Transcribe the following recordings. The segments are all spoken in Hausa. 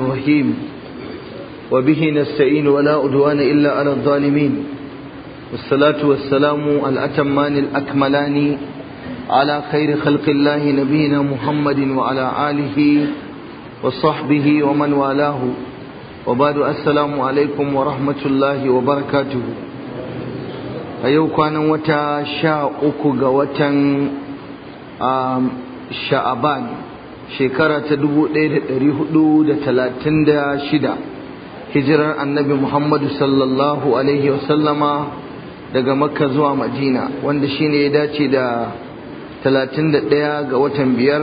الرحيم وبه نستعين ولا أدوان إلا على الظالمين والصلاة والسلام الأتمان الأكملان على خير خلق الله نبينا محمد وعلى آله وصحبه ومن والاه وبعد السلام عليكم ورحمة الله وبركاته أيو كان وتا شاء أكو شعبان shekara ta 1436 hijirar annabi Muhammadu sallallahu alaihi wasallama daga makka zuwa madina wanda shi ne ya dace da 31 ga watan biyar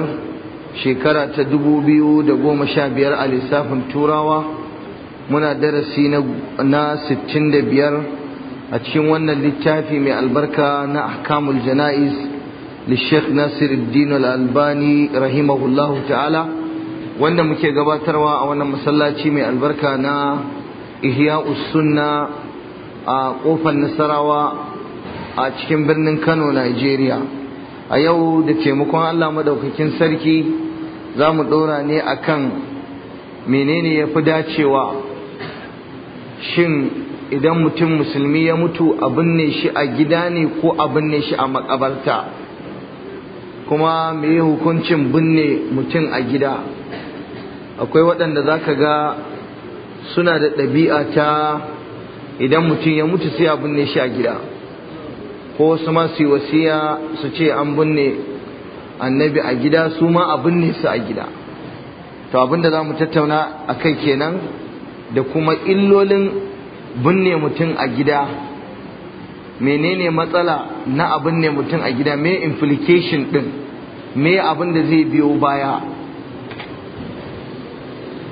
shekara ta 2015 a lissafin turawa muna darasi na 65 a cikin wannan littafi mai albarka na ahkamul jana'iz للشيخ ناصر الدين الألباني رحمه الله تعالى wanda muke gabatarwa a wannan masallaci mai albarka na ihya sunna a kofar nasarawa a cikin birnin kano Najeriya. a yau da taimakon allah madaukakin sarki za mu ɗora ne a kan menene ya fi dacewa shin idan mutum musulmi ya mutu a binne shi a gida ne ko a binne shi a makabarta kuma me hukuncin binne mutum a gida akwai waɗanda za ka ga suna da ɗabi'a ta idan mutum ya mutu sai a binne shi a gida ko wasu ma su yi wasiya su ce an binne annabi a gida su ma a binne su a gida to abinda za mu tattauna a kai kenan da kuma illolin binne mutum a gida menene matsala na abin ne mutum a gida me implication ɗin? me abin da zai biyo baya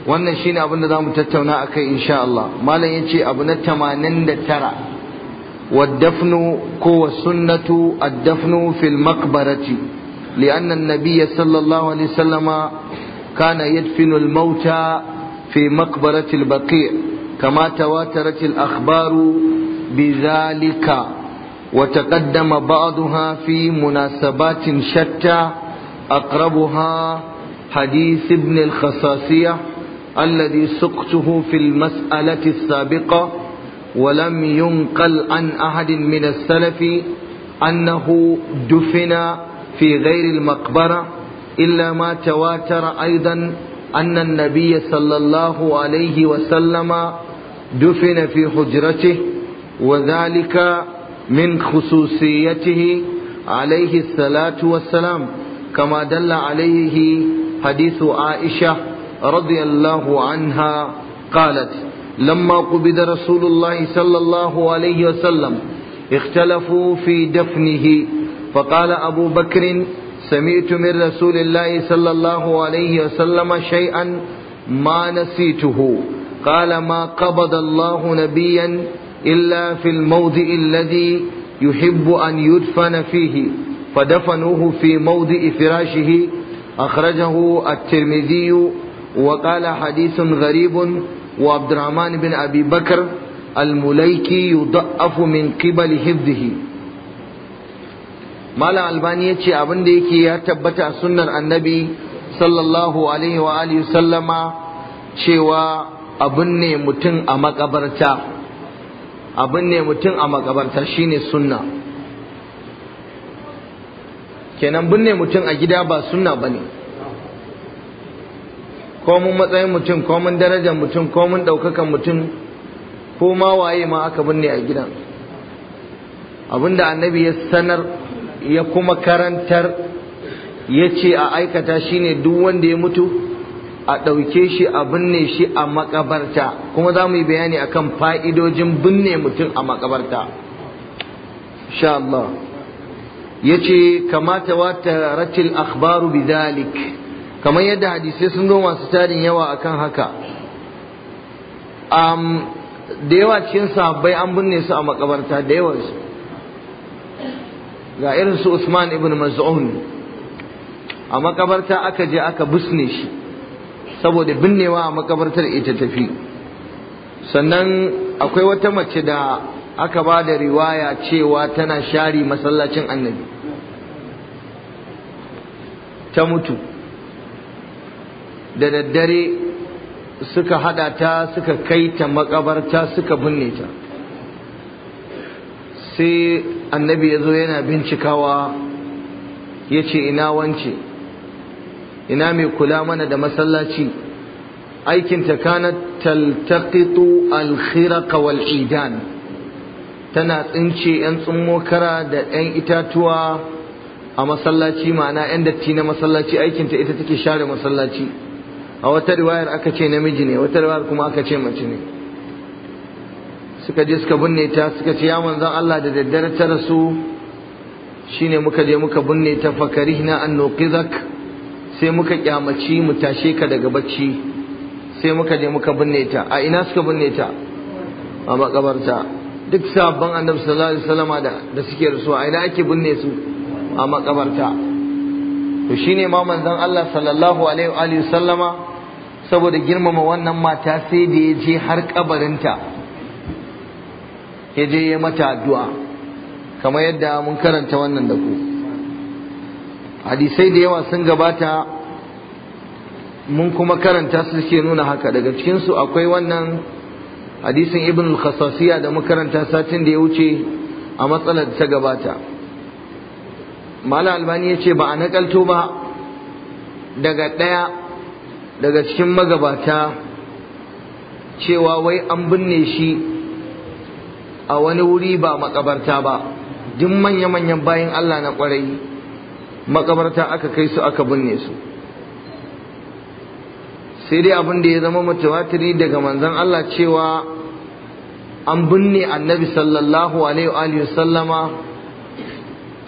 wannan shine abin da za mu tattauna a kai insha Allah malam ya ce abu na tara. waddafnu ko wa sunnatu addafnu fil maqbarati لأن النبي صلى الله عليه وسلم كان يدفن الموتى في مقبرة البقيع كما تواترت الأخبار بذلك وتقدم بعضها في مناسبات شتى أقربها حديث ابن الخصاصية الذي سقته في المسألة السابقة ولم ينقل عن أحد من السلف أنه دفن في غير المقبرة إلا ما تواتر أيضا أن النبي صلى الله عليه وسلم دفن في حجرته وذلك من خصوصيته عليه الصلاة والسلام كما دل عليه حديث عائشة رضي الله عنها قالت لما قبض رسول الله صلى الله عليه وسلم اختلفوا في دفنه فقال أبو بكر سمعت من رسول الله صلى الله عليه وسلم شيئا ما نسيته قال ما قبض الله نبيا إلا في الموضع الذي يحب أن يدفن فيه فدفنوه في موضع فراشه أخرجه الترمذي وقال حديث غريب وعبد الرحمن بن أبي بكر المليكي يضعف من قبل حفظه Malam Albani ya ce abin da yake ya tabbata a sunnar annabi sallallahu alaihi sallama cewa abin ne mutum a makabarta abin ne mutum a makabarta shine sunna kenan binne mutum a gida ba suna ba ne komun matsayin mutum komun darajar mutum komun ɗaukakan mutum ko ma waye ma aka binne a gidan abinda annabi ya sanar ya kuma karantar ya ce a aikata shine duk wanda ya mutu a ɗauke shi a binne shi a makabarta kuma za mu yi bayani akan fa'idojin binne mutum a makabarta. Allah. yace wata tawataratil akhbaru bidhalik kamar yadda hadisai sun zo masu tarin yawa akan haka um, da yawa cikin sahabbai an binne su a makabarta da yawa su ga irin su Usman ibn Maz'un a makabarta aka je aka busne shi saboda binnewa a makabartar ita tafi sannan akwai wata mace da aka ba da riwaya cewa tana share masallacin annabi ta mutu da daddare suka hada ta suka kai ta makabarta suka binne ta sai annabi ya zo yana bincikawa ya ce ina wance ina mai kula mana da masallaci aikinta kanat taltaqitu alkhiraqa wal idan tana tsince 'yan kara da 'yan itatuwa a masallaci ma'ana 'yan datti na masallaci aikinta ita take share masallaci a wata riwayar aka ce namiji ne wata riwayar kuma aka ce mace ne suka je suka binne ta suka ce ya manzon Allah da daddare ta rasu shine muka je muka binne ta fakarihna an nuqizak sai muka kyamaci mu tashe ka daga bacci sai muka je muka binne ta a ina suka binne ta a makabarta duk sabon annabi sallallahu alaihi wasallama da da suke rusuwa a ina ake binne su a makabarta to shine ma manzon Allah sallallahu alaihi wa alihi sallama saboda girmama wannan mata sai da ya je har kabarinta ya je ya mata addu'a kamar yadda mun karanta wannan da ku hadisai da yawa sun gabata mun kuma karanta su suke nuna haka daga cikin su akwai wannan hadisin ibn khasasiya da makaranta satin da ya wuce a matsalar ta gabata mala albani ya ce ba a nakalto ba daga ɗaya daga cikin magabata cewa wai an binne shi a wani wuri ba makabarta ba duk manya-manyan bayan allah na kwarai makabarta aka kai su aka binne su sai dai abin da ya zama mutawatiri daga manzon Allah cewa an binne annabi sallallahu alaihi wa sallama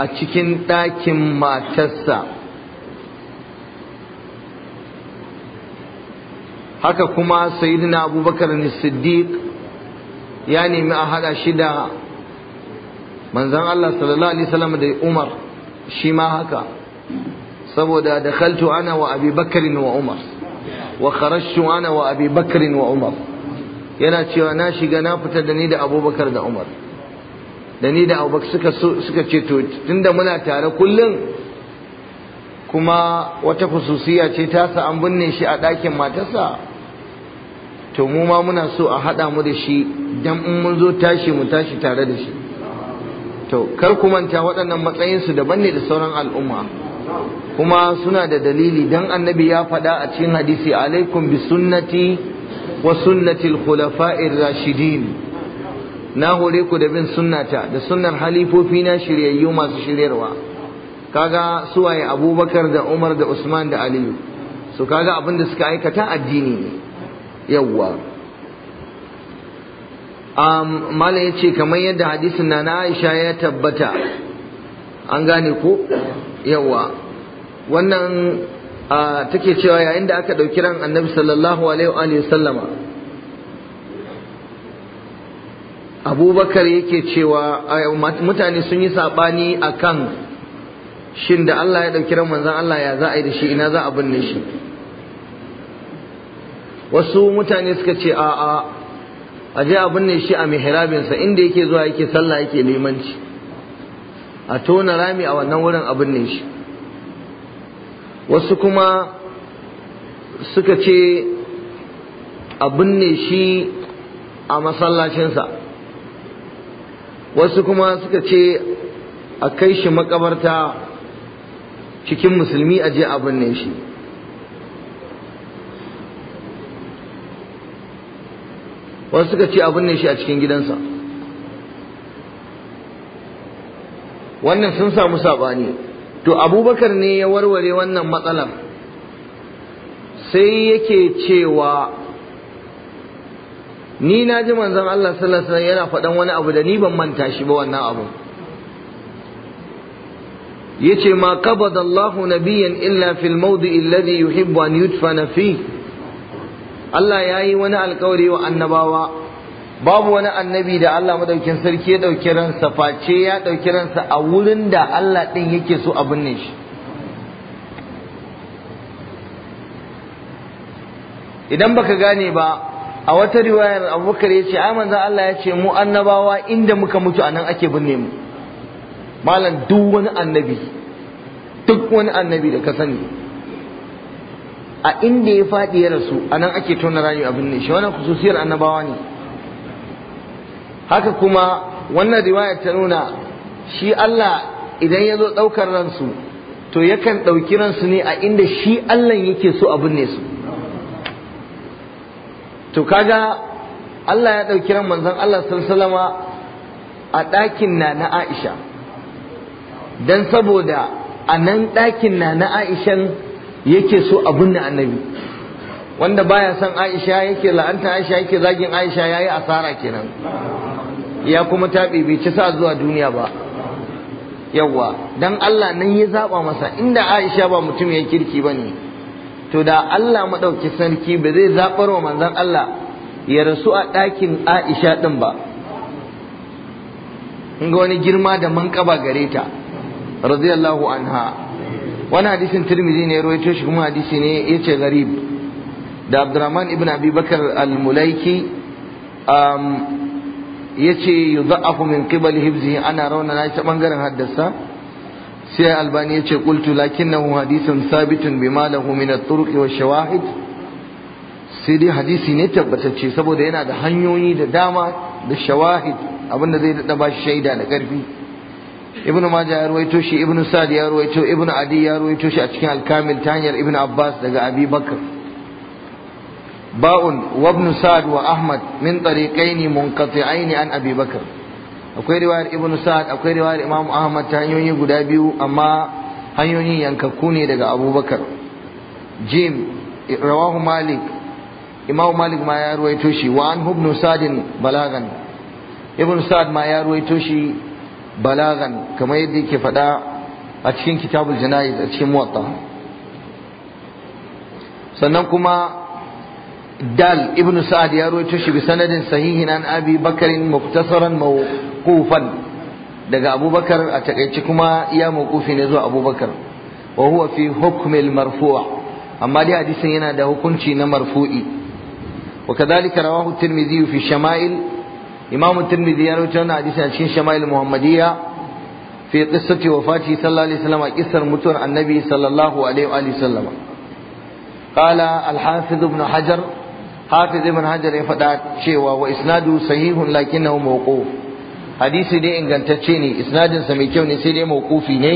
a cikin ɗakin matarsa haka kuma sayyidina abubakar siddiq ya nemi a haɗa shi da manzon Allah sallallahu alaihi wasallam da Umar shi ma haka saboda dakhaltu ana wa Abi wa Umar wa kharashtu ana wa abi bakr wa umar yana cewa na shiga na fita da ni da abubakar da umar da ni da abubakar suka suka ce to tunda muna tare kullun kuma wata khususiya ce ta sa an binne shi a ɗakin matarsa to mu ma muna so a haɗa mu da shi dan in mun zo tashi mu tashi tare da shi to kar ku manta waɗannan matsayinsu daban ne da sauran al'umma kuma suna da dalili dan annabi ya faɗa a cikin hadisi alaikum bi sunnati wa sunnati al-khulafa'ir rashidin na hore ku da bin sunnata da sunnar halifofi na shiryayyu masu shiryarwa kaga suwaye abubakar da umar da usman da aliyu su kaga abin da suka aikata addini ne yawwa malam ya ce kamar yadda hadisin na na aisha ya tabbata an gane ko yawa wannan take cewa yayin da aka ɗauki ran annabi sallallahu alaihi wa sallama abubakar yake cewa mutane sun yi saɓani a kan shin da Allah ya ɗauki ran manzan Allah ya za a yi da shi ina za a binne shi wasu mutane suka ce a'a a je a binne shi a mihrabinsa inda yake zuwa yake sallah yake limanci a tona rami a wannan wurin abin ne shi wasu kuma suka ce abin ne shi a masallacinsa wasu kuma suka ce a kai shi makabarta cikin musulmi a je abin ne shi wasu suka ce abin ne shi a cikin gidansa wannan sun samu sabani to abubakar ne ya warware wannan matsalar sai yake cewa ni na ji manzon Allah sallallahu alaihi yana faɗan wani abu da ni ban manta shi ba wannan abu yace ma qabada Allah nabiyyan illa fil mawdi'i alladhi yuhibbu an yudfana fi Allah yayi wani alƙawari wa annabawa babu wani annabi da Allah madaukin sarki ya dauki ransa face ya dauki ransa a wurin da Allah din yake so a binne shi idan baka gane ba a wata riwayar abubakar ya ce ai manzo Allah ya ce mu annabawa inda muka mutu anan ake binne mu malam duk wani annabi duk wani annabi da ka sani a inda ya faɗi ya rasu anan ake tona rayu a binne shi wannan khususiyar annabawa ne haka kuma wannan riwayar ta nuna shi Allah idan ya zo ɗaukar ransu to yakan ɗauki ransu ne a inda shi Allah yake so a binne su to kaga Allah ya ɗauki ran manzon Allah sallama a ɗakin na na Aisha dan saboda a nan ɗakin na na yake so a binne annabi wanda baya son Aisha yake la'anta Aisha yake zagin Aisha yayi asara kenan ya kuma taɓe bai ci sa zuwa duniya ba yawwa dan Allah nan ya zaba masa inda Aisha ba mutum ya kirki ba ne to da Allah madauki sarki ba zai zaɓar wa manzon Allah ya rasu a ɗakin Aisha ɗin ba in ga wani girma da manƙaba gare ta radiyallahu anha wani hadisin Tirmidhi ne rawaito shi kuma hadisi ne yace garib da Abdurrahman ibn Abi Bakar al-Mulaiki um, yace yudha'afu min qibal hibzihi ana na ta bangaren haddasa sai albani yace qultu lakinnahu hadithun sabitun bima lahu min at-turuq wa shawahid sai dai hadisi ne tabbatacce saboda yana da hanyoyi da dama da shawahid abinda zai dada ba shaida da karfi ibnu majah ya ruwaito shi ibnu sa'd ya ruwaito ibnu adi ya ruwaito shi a cikin al-kamil ta hanyar ibnu abbas daga abi bakr باء وابن سعد وأحمد من طريقين منقطعين عن أبي بكر akwai riwayar ibnu sa'ad akwai riwayar imam ahmad ta hanyoyi guda biyu amma hanyoyin yankakku ne daga abubakar jim rawahu malik imam malik ma ya ruwaito shi wa an ibnu sa'd balagan Ibn sa'ad ma ya ruwaito shi balagan kamar yadda yake faɗa a cikin kitabul jana'iz a cikin muwatta sannan kuma دال ابن سعد يروي تشي بسند صحيح عن أبي بكر مختصرا موقوفا daga abubakar a takaice kuma iya mawqufi ne zuwa abubakar wa huwa fi hukmil marfu' amma dai hadisin yana da hukunci na marfu'i wa kadhalika rawahu fi shama'il imam tirmidhi ya rawaita wannan hadisin a cikin shama'il muhammadiyya fi qissati wafati sallallahu alaihi wasallam a kissar mutuwar annabi sallallahu alaihi wa alihi qala hajar hafiz ibn hajar ya faɗa cewa wa isnadu sahihun lakinnahu mawquf hadisi dai ingantacce ne isnadin sa mai kyau ne sai dai mawqufi ne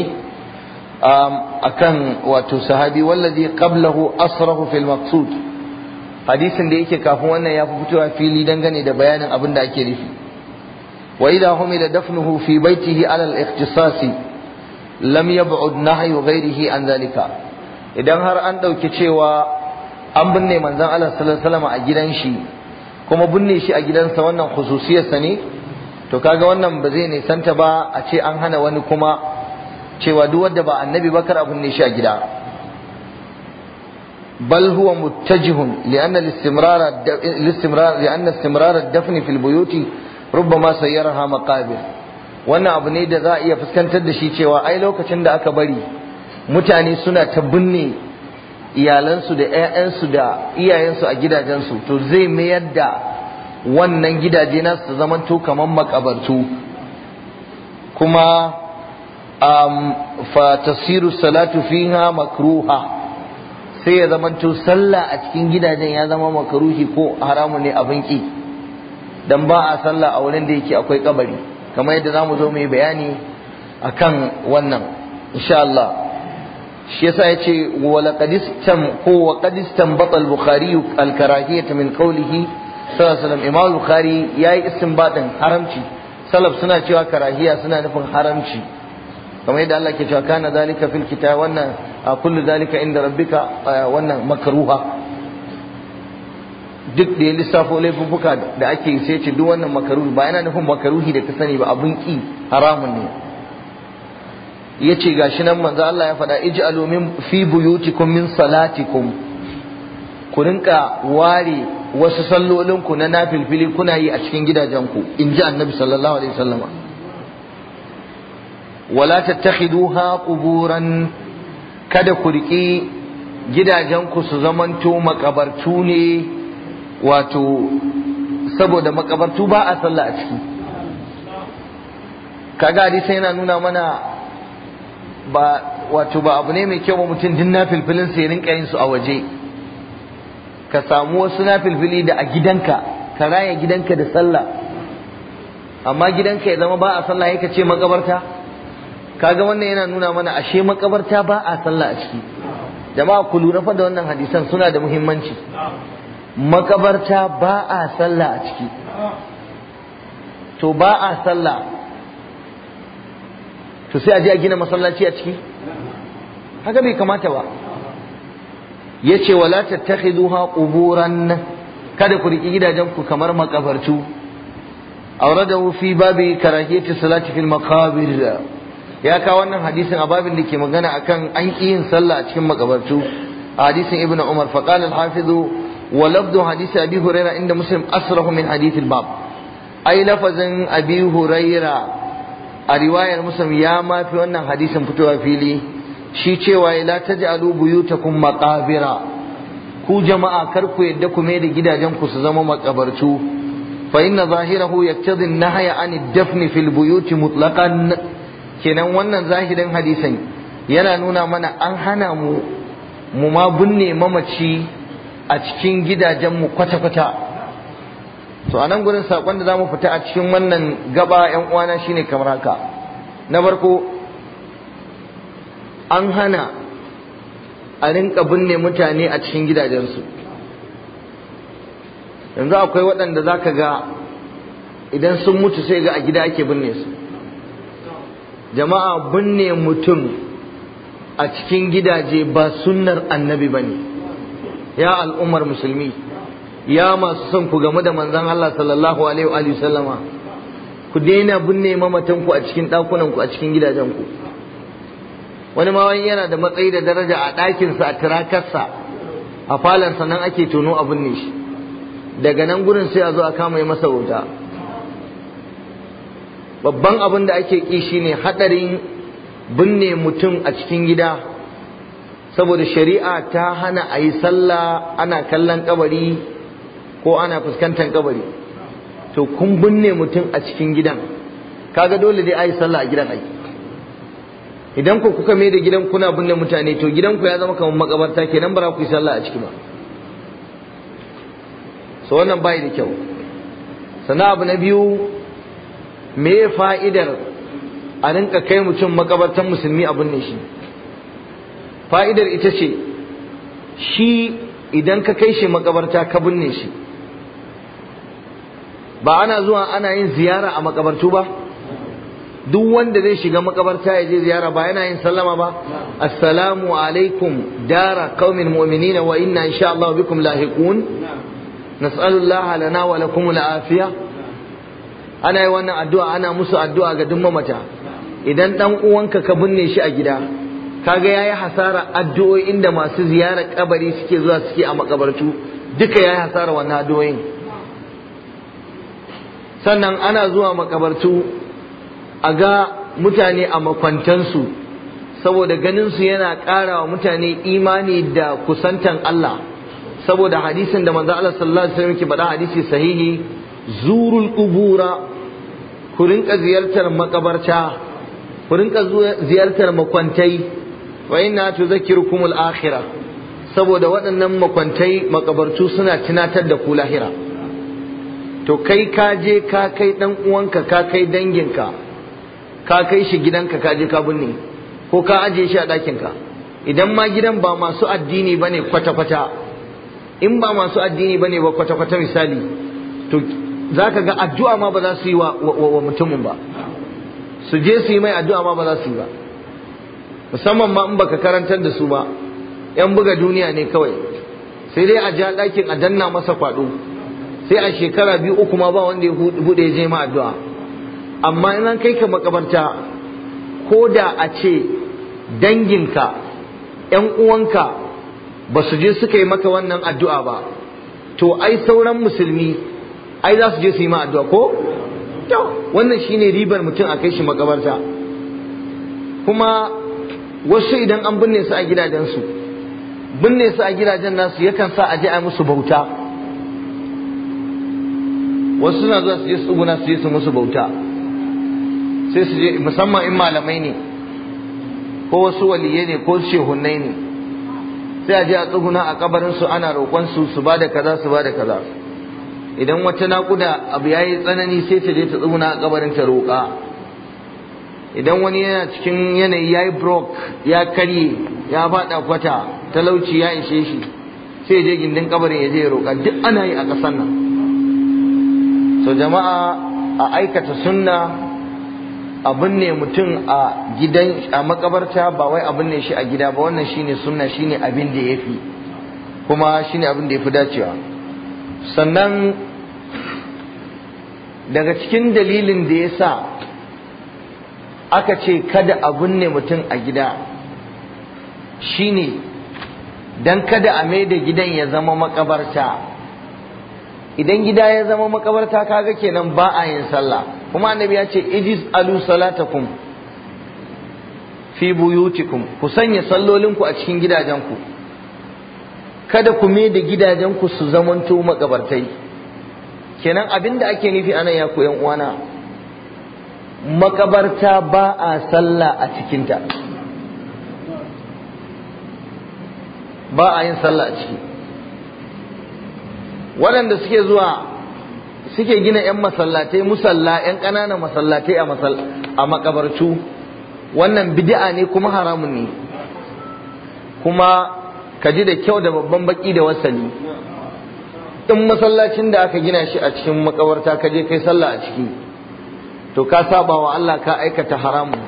um, akan wato sahabi wallazi qablahu asrahu fil maqsud hadisin da yake kafin wannan ya fi fitowa fili dangane da bayanin abin da ake nufi wa idha humila dafnuhu fi baitihi ala al-ikhtisasi lam yab'ud nahyu ghayrihi an dhalika idan har an dauki cewa an binne manzon Allah sallallahu alaihi wasallam a gidan shi kuma binne shi a gidansa wannan khususiyarsa ne to kaga wannan ba zai nisanta ba a ce an hana wani kuma cewa duk wanda ba annabi bakar a binne shi a gida بل هو متجه لأن الاستمرار الاستمرار لأن استمرار الدفن في البيوت ربما سيرها مقابر wannan abu ne da za a iya fuskantar da shi cewa ai lokacin da aka bari mutane suna ta binne iyalansu da 'ya'yansu da iyayensu a gidajensu to zai mayar da wannan gidaje nasu su zama to kamar makabartu kuma um, fa tasiru salatu fiha makruha sai ya zama to sallah a cikin gidajen ya zama makaruhi ko haramun ne abin ki dan ba a sallah a wurin da yake akwai kabari kamar yadda za mu zo mu yi bayani akan wannan insha Allah shi yasa yace ce qadistam ko wa qadistam batal bukhari al karahiyata min qawlihi sallallahu alaihi imam bukhari yayi istinbadin haramci salaf suna cewa karahiya suna nufin haramci kamar yadda Allah ke cewa kana zalika fil kitab wannan a kullu zalika inda rabbika wannan makruha duk da ya lissafo laifuffuka da ake sai ce duk wannan makaruhi ba yana nufin makaruhi da ka sani ba abun ki haramun ne yace gashi nan manzo Allah ya faɗa ij'alu min fi buyutikum min salatikum ku rinka ware wasu sallolin sallolinku na nafilfili kuna yi a cikin gidajenku in ji annabi sallallahu alaihi wasallam wala tattakhiduha quburan kada ku riki gidajenku su zamanto makabartu ne wato saboda makabartu ba a sallah a ciki kaga sai yana nuna mana ba wato ba abu ne mai kyau ba mutum din nafilfilin sai rinka yin su a waje ka samu wasu nafilfili da a gidanka ka raya gidanka da sallah amma gidanka ya zama ba a sallah ya ce makabarta kaga wannan yana nuna mana ashe makabarta ba a sallah a ciki jama'a ku lura fa da wannan hadisan suna da muhimmanci makabarta ba a sallah a ciki to ba a sallah to sai a je a gina masallaci a ciki haka bai kamata ba yace wala tattakhiduha quburan kada ku riki gidajen ku kamar makabartu awradahu fi babi karahiyati salati fil maqabir ya ka wannan hadisin a babin da ke magana akan an yin sallah a cikin makabartu hadisin ibnu umar fa qala al hafiz wa lafdu hadisi abi huraira inda muslim asrahu min hadith al bab ai lafazin abi huraira a riwayar musam ya mafi wannan hadisin fitowa fili shi cewa la buyuta buyutakum maqabira ku jama'a kar ku yadda ku mai da gidajen ku su zama makabarcu fa inna zahirahu yaktadi an-nahya an ad-dafn fil buyut mutlaqan kenan wannan zahirin hadisin yana nuna mana an hana mu mu ma binne mamaci a cikin gidajen mu kwata-kwata to anan gurin sakon da za mu fita a cikin wannan gaba yan uwana shine kamar haka na farko an hana a rinka binne mutane a cikin gidajensu yanzu akwai waɗanda za ka ga idan sun mutu sai ga a gida ake binne su jama'a binne mutum a cikin gidaje ba sunnar annabi bane ya al'ummar musulmi ya masu son ku game da manzan Allah sallallahu alaihi wa sallama ku daina binne mamatanku ku a cikin ɗakunanku a cikin gidajen wani ma wani yana da matsayi da daraja a ɗakinsa a tirakarsa a falansa nan ake tono a binne shi daga nan gurin sai a zo a kama masa wuta babban abin da ake ƙi ne haɗarin binne mutum a cikin gida saboda shari'a ta hana a yi sallah ana kallon kabari ko ana fuskantar kabari to kun binne mutum a cikin gidan kaga dole dai ayi sallah a gidan ai idan ku kuka mai da gidan kuna binne mutane to gidan ku ya zama kamar makabarta kenan ba za ku yi sallah a ciki ba so wannan bai da kyau sannan abu na biyu me fa'idar a rinka kai mutum makabartan musulmi a binne shi fa'idar ita ce shi idan ka kai shi makabarta ka binne shi ba ana zuwa ana yin ziyara a makabartu ba duk wanda zai shiga makabarta ya je ziyara ba yana yin sallama ba assalamu alaikum dara qaumin mu'minina wa inna insha Allah bikum lahiqun nas'alu Allah lana wa lakum al'afiya ana yi wannan addu'a ana musu addu'a ga duk mamata idan dan uwanka ka binne shi a gida kaga yayi hasara addu'o'i inda masu ziyara kabari suke zuwa suke a makabartu duka yayi hasara wannan addu'o'in sannan ana zuwa makabartu a ga mutane a makwantansu saboda ganinsu yana ƙara wa mutane imani da kusantan Allah saboda hadisin da manzo Allah sallallahu alaihi wasallam ke faɗa hadisi sahihi zurul qubura ku rinka ziyartar makabarta ku rinka ziyartar makwantai wa inna tuzakkirukumul akhirah saboda waɗannan makwantai makabartu suna tunatar da ku lahira to kai ka je ka kai dan uwanka ka kai danginka ka kai shi gidanka ka je ka binne ko ka aje shi a ɗakinka idan ma gidan ba masu addini bane kwata-kwata in ba masu addini bane ba kwata-kwata misali to za ka ga addu'a ma ba za su yi wa, mutumin ba su je su yi mai addu'a ma ba za su yi ba musamman ma in baka karantar da su ba yan buga duniya ne kawai sai dai a ja ɗakin a danna masa kwaɗo sai a shekara biyu uku ma ba wanda ya bude je ma addu'a amma in an kai ka makabarta ko da a ce danginka yan uwanka ba su je suka yi maka wannan addu'a ba to ai sauran musulmi ai za su je su yi ma addu'a ko to wannan shine ribar mutum a kai shi makabarta kuma wasu idan an binne su a gidajensu binne su a gidajen nasu yakan sa a je a musu bauta wasu suna zuwa su je su tsuguna su je su musu bauta sai su je musamman in malamai ne ko wasu waliyai ne ko shehunnai ne sai a je a tsuguna a kabarin su ana roƙon su su bada kaza su bada kaza idan wata naƙuda abu yayi tsanani sai ta je ta tsuguna a kabarin ta roƙa idan wani yana cikin yanayi yayi brok ya karye ya faɗa kwata talauci ya ishe shi sai je gindin kabarin ya je ya roƙa duk ana yi a ƙasar nan so jama'a a aikata sunna abin ne mutum a gidan a makabarta ba wai abin ne shi a gida ba wannan shine sunna shine abin da yafi kuma shine abin da yafi dacewa sannan daga cikin dalilin da ya sa aka ce kada a binne mutum a gida shine dan kada a maida gidan ya zama makabarta idan gida ya zama makabarta kaga kenan ba a yin sallah kuma annabi ya ce idis alu salatakum fi buyutikum ku sanya sallolinku a cikin gidajenku kada ku me da gidajenku su zamanto makabartai kenan abinda ake nufi anan ya yan uwana makabarta ba a sallah a cikinta ba a yin sallah a ciki waɗanda suke zuwa suke gina 'yan masallatai musalla 'yan ƙananan masallatai a makabarcu wannan bidi'a ne kuma haramun ne kuma ka ji da kyau da babban baki da wasali in masallacin da aka gina shi a cikin makabarta ka je kai sallah a ciki to ka saba wa Allah ka aikata haramun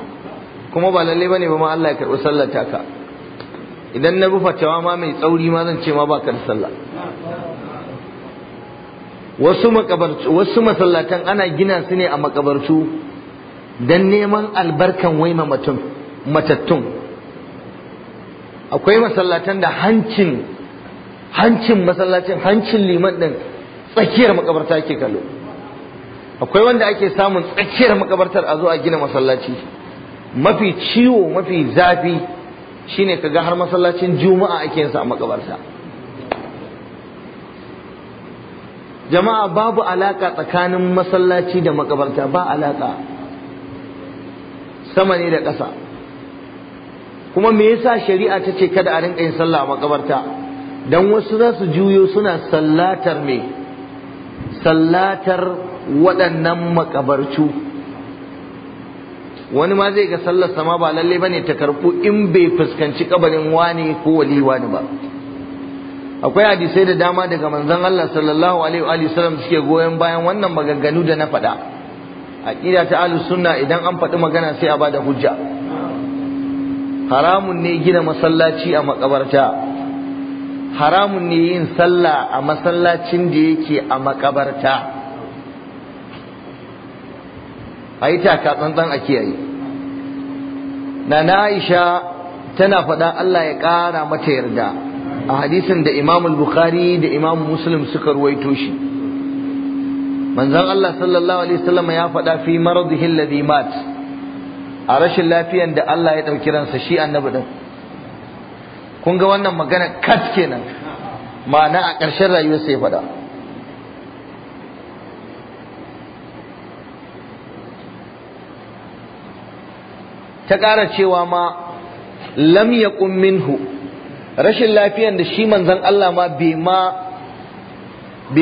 kuma ba lalle bane ba ma Allah ya karɓi sallata ka. idan na bi cewa ma mai tsauri ma zan ce ma ba ka da sallah wasu makabarci wasu masallatan ana gina su ne a makabartu dan neman albarkan waima mutum matattun akwai masallatan da hancin hancin masallacin hancin liman din tsakiyar makabarta yake kallo akwai wanda ake samun tsakiyar makabartar a zo a gina masallaci mafi ciwo mafi zafi shine kaga har masallacin juma'a ake yin sa a makabarta jama'a babu alaƙa tsakanin masallaci da makabarta ba alaka sama ne da ƙasa kuma me yasa shari'a ta ce kada a rinka yin sallah a makabarta dan wasu za su juyo suna sallatar me sallatar waɗannan makabarcu wani ma zai ga sallar sama ba lalle bane ta karɓu in bai fuskanci kabarin wani ko wali wani ba akwai hadisai da dama daga manzon Allah sallallahu alaihi wa suke goyon bayan wannan maganganu da na faɗa aqida ta ahlus sunna idan an faɗi magana sai a bada hujja haramun ne gina masallaci a makabarta haramun ne yin sallah a masallacin da yake a makabarta ayi taka tsantsan a kiyaye na Aisha tana faɗa Allah ya ƙara mata yarda a hadisin da imam bukhari da imam muslim suka ruwaito shi manzon Allah sallallahu alaihi wasallam ya faɗa fi maradihi alladhi mat a rashin lafiyan da Allah ya ɗauki ransa shi annabi din kun ga wannan magana kat kenan ma'ana a ƙarshen rayuwar sai faɗa ta ƙara cewa ma lam yaqum minhu rashin lafiyan da shi manzon Allah ma bai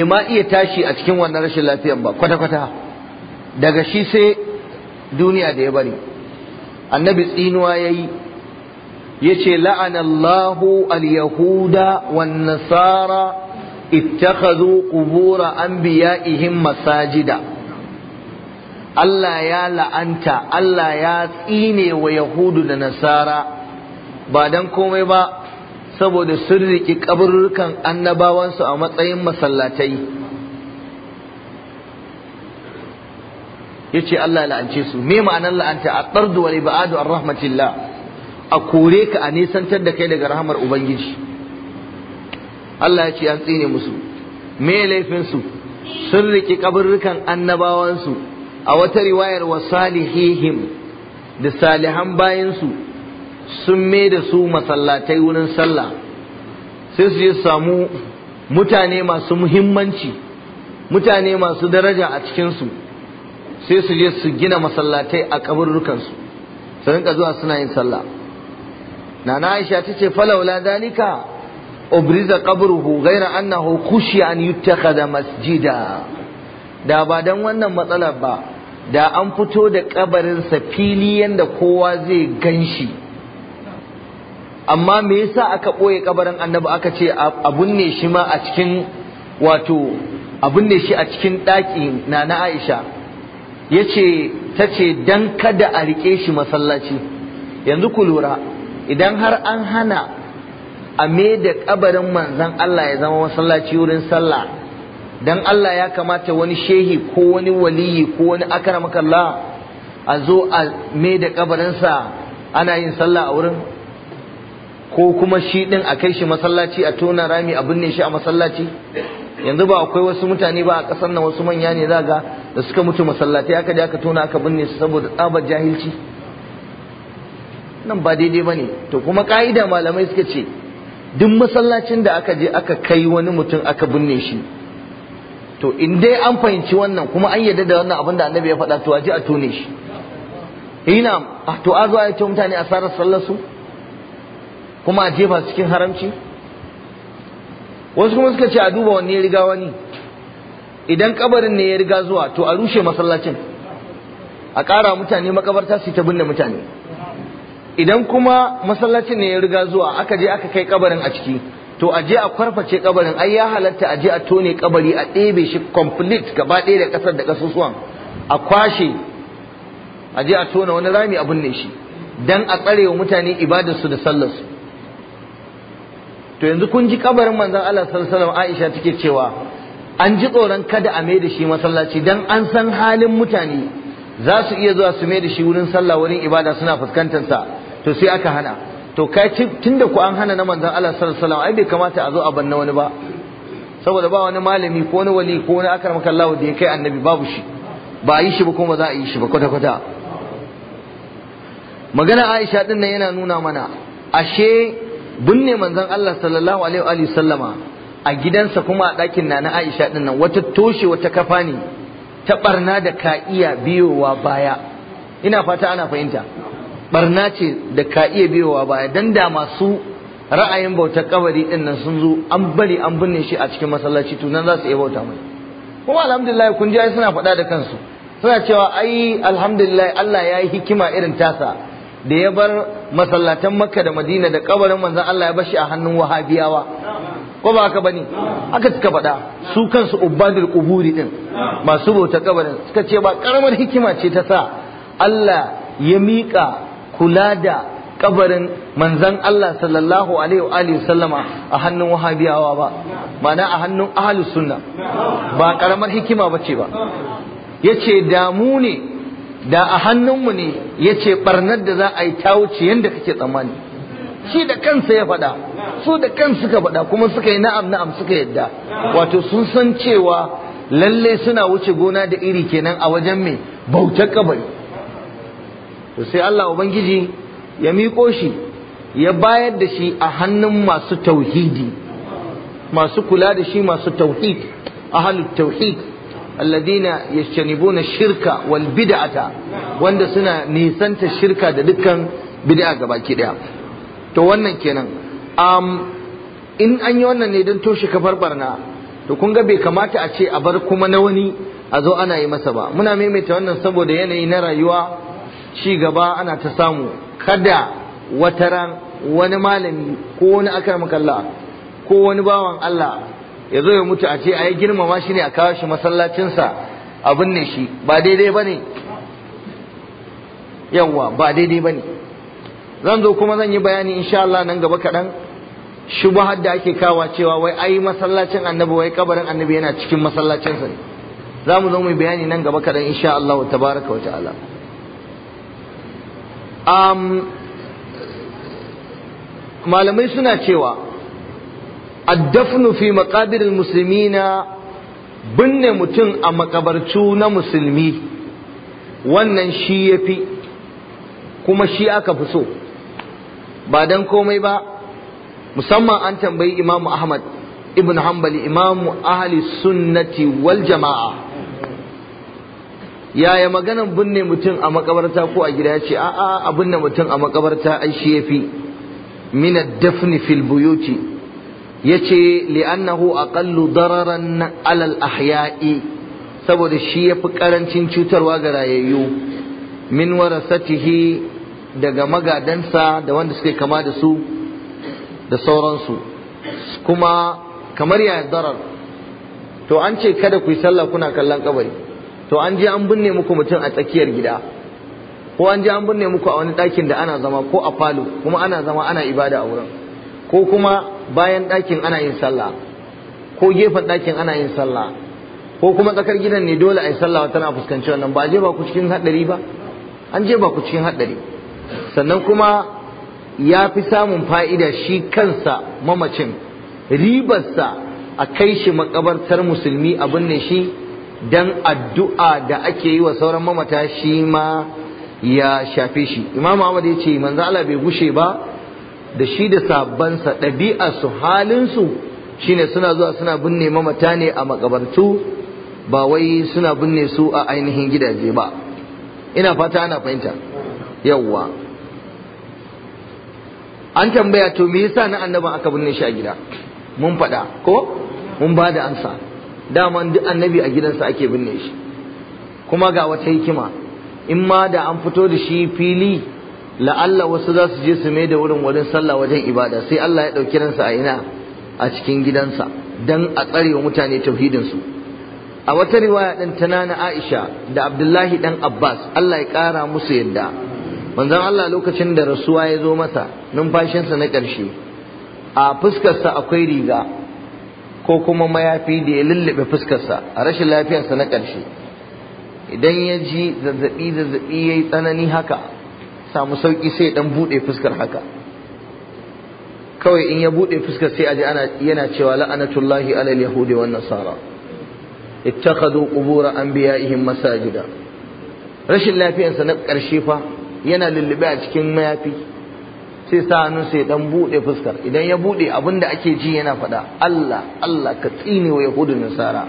ma iya tashi a cikin wannan rashin lafiyan ba kwata-kwata daga shi sai duniya da ya bari annabi tsinuwa ya yi ya ce la'anallahu al-yahuda wan nasara an biya anbiya'ihim masajida Allah ya la'anta Allah ya tsine wa yahudu da nasara ba dan komai ba saboda sun riƙi ƙabururkan annabawansu a matsayin masallatai ya ce Allah la'ance su me ma'anar la'anta a tsardu wa ba'adu an rahmatillah a kore ka a nisantar da kai daga rahamar ubangiji Allah ya ce an tsine musu me laifinsu sun riƙi ƙabururkan annabawansu a wata riwayar wa salihihim da salihan bayansu sun mai da su masallatai wurin sallah sai su yi samu mutane masu muhimmanci mutane masu daraja a cikinsu sai su je su gina masallatai a kaburrukansu su rinka zuwa suna yin sallah nana aisha ta ce falaula dalika ubriza qabruhu ghaira annahu khushi an yuttakhadha masjida da ba dan wannan matsalar ba da an fito da kabarinsa fili yanda kowa zai ganshi amma me yasa aka ɓoye kabarin annabi aka ce a binne shi ma a cikin wato a binne shi a cikin ɗaki na na aisha yace ce ta ce don kada a riƙe shi masallaci yanzu ku lura idan har an hana a me da kabarin manzan Allah ya zama masallaci wurin sallah don Allah ya kamata wani shehi ko wani waliyi ko wani akaramakalla a zo a me da kabarinsa ana yin sallah a wurin ko kuma shi din a kai shi masallaci a tona rami a binne shi a masallaci yanzu ba akwai wasu mutane ba a kasar nan wasu manya ne za ga da suka mutu masallatai aka je aka tona aka binne su saboda tsabar jahilci nan ba daidai ba ne to kuma ka'ida malamai suka ce duk masallacin da aka je aka kai wani mutum aka binne shi to in dai an fahimci wannan kuma an yarda da wannan abin da annabi ya faɗa to a je a tone shi ina to a zuwa a ce mutane asarar sallar su kuma a jefa cikin haramci wasu kuma suka ce a duba wanne ya riga wani idan kabarin ne ya riga zuwa to a rushe masallacin a ƙara mutane makabarta su ta binne mutane idan kuma masallacin ne ya riga zuwa aka je aka kai kabarin a ciki to a je a kwarface kabarin ai ya halatta a je a tone kabari a ɗebe shi complete gaba ɗaya da ƙasar da ƙasusuwan a kwashe a je a tona wani rami a binne shi dan a tsare wa mutane ibadarsu da sallarsu to yanzu kun ji kabarin manzon Allah sallallahu alaihi Aisha take cewa an ji tsoron kada a mai da shi masallaci dan an san halin mutane za su iya zuwa su mai da shi wurin sallah wurin ibada suna fuskantar sa to sai aka hana to kai tunda ku an hana na manzon Allah sallallahu alaihi ai bai kamata a zo a banna wani ba saboda ba wani malami ko wani wali ko wani akar makallahu da ya kai annabi babu shi ba a yi shi ba kuma za a yi shi ba kwata kwata magana Aisha din nan yana nuna mana ashe binne manzon Allah sallallahu alaihi wa sallama a gidansa kuma a ɗakin na na Aisha din nan wata toshe wata kafa ne ta barna da ka biyowa baya ina fata ana fahimta barna ce da ka iya biyowa baya dan da masu ra'ayin bautar kabari din nan sun zo an bari an binne shi a cikin masallaci to nan za su iya bauta mai kuma alhamdulillah kun ji suna faɗa da kansu suna cewa ai alhamdulillah Allah ya yi hikima irin tasa da ya bar masallatan makka da madina da kabarin manzan Allah ya bar shi a hannun wahabiyawa ko ba haka bane aka suka faɗa su kansu ubadul quburi din masu bauta kabarin suka ce ba karamar hikima ce ta sa Allah ya miƙa kula da kabarin manzan Allah sallallahu alaihi wa sallama a hannun wahabiyawa ba mana a hannun ahlus sunna ba karamar hikima bace ba yace damu ne da a hannunmu ne ya ce barnar da za a yi ta wuce yadda kake tsammani shi da kansa ya faɗa su da kansu suka faɗa kuma suka yi na'am na'am suka yadda wato sun san cewa lalle suna wuce gona da iri kenan a wajen mai bautar kabari to sai Allah ubangiji ya miko shi ya bayar da shi a hannun masu tauhidi masu kula da shi masu tauhid ahlut tauhid alladina na shirka wal bid'ata wanda suna nisanta shirka da dukkan bid'a gabaki daya to wannan kenan um, in an yi wannan ne don toshe kafar barna to kun ga bai kamata a ce a bar kuma na wani a zo ana yi masa ba muna maimaita wannan saboda yanayi na rayuwa ci gaba ana ta samu kada wata ran wani malami ko wani akramaka Allah ko wani bawan Allah ya zo ya mutu a ce a yi girmama shi ne a kawo shi masallacinsa abin ne shi ba daidai ba ne yawwa ba daidai ba ne zan zo kuma zan yi bayani insha Allah nan gaba kaɗan ba da ake kawo cewa wai ayi masallacin annabi wai kabarin annabi yana cikin masallacinsa ne za mu zo mu bayani nan gaba kaɗan insha Allah wa tabaraka wa ta'ala malamai suna cewa addafnu fi maqabiril muslimina binne mutum a makabarcu na musulmi wannan shi yafi kuma shi aka fi so ba dan komai ba musamman an tambayi imamu ahmad ibn hanbali imamu ahli sunnati wal jama'a yaya maganan binne mutum a makabarta ko a gida ya ce a'a a binne mutum a makabarta ai shi yafi min ad-dafn fil buyuti yace li'annahu aqallu dararan alal ahya'i saboda shi yafi karancin cutarwa ga rayayyu min warasatihi daga magadansa da wanda suke kama da su da sauransu kuma kamar ya darar to an ce kada ku yi sallah kuna kallon kabari to an je an binne muku mutum a tsakiyar gida ko an je an binne muku a wani ɗakin da ana zama ko a falo kuma ana zama ana ibada a wurin ko kuma bayan ɗakin ana yin sallah ko gefen ɗakin ana yin sallah ko kuma tsakar gidan ne dole a yi sallah tana fuskanci wannan ba a je ba ku cikin haɗari ba an je ba ku cikin haɗari sannan kuma ya fi samun fa'ida shi kansa mamacin ribarsa a kai shi makabartar musulmi abin ne shi dan addu'a da ake yi wa sauran mamata shi ma ya shafe shi imam ahmad ya ce manzo Allah bai gushe ba da shi da sahabbansa ɗabi'arsu halinsu shine suna zuwa suna binne mamata ne a makabartu ba wai suna binne su a ainihin gidaje ba ina fata ana fahimta yawwa an tambaya to me yasa na annaban aka binne shi a gida mun faɗa ko mun ba da ansa dama duk annabi a gidansa ake binne shi kuma ga wata hikima in ma da an fito da shi fili la'alla wasu za su je su mai da wurin wurin sallah wajen ibada sai Allah ya ɗauki ransa a ina a cikin gidansa dan a tsarewa wa mutane su a wata riwaya ɗin ta nana Aisha da Abdullahi dan Abbas Allah ya kara musu yadda manzon Allah lokacin da rasuwa ya zo masa numfashinsa na ƙarshe a fuskarsa akwai riga ko kuma mayafi da ya lullube fuskarsa a rashin lafiyarsa na karshe idan ya ji zazzabi zazzabi yayi tsanani haka samu sauki sai dan bude fuskar haka kawai in ya bude fuskar sai aje ana yana cewa la'anatullahi alal yahudi wan nasara ittakhadhu qubur anbiya'ihim masajida rashin lafiyarsa na karshe fa yana lullube a cikin mayafi sai sa hannun sai dan bude fuskar idan ya bude abinda ake ji yana faɗa Allah Allah ka tsine wa yahudun nasara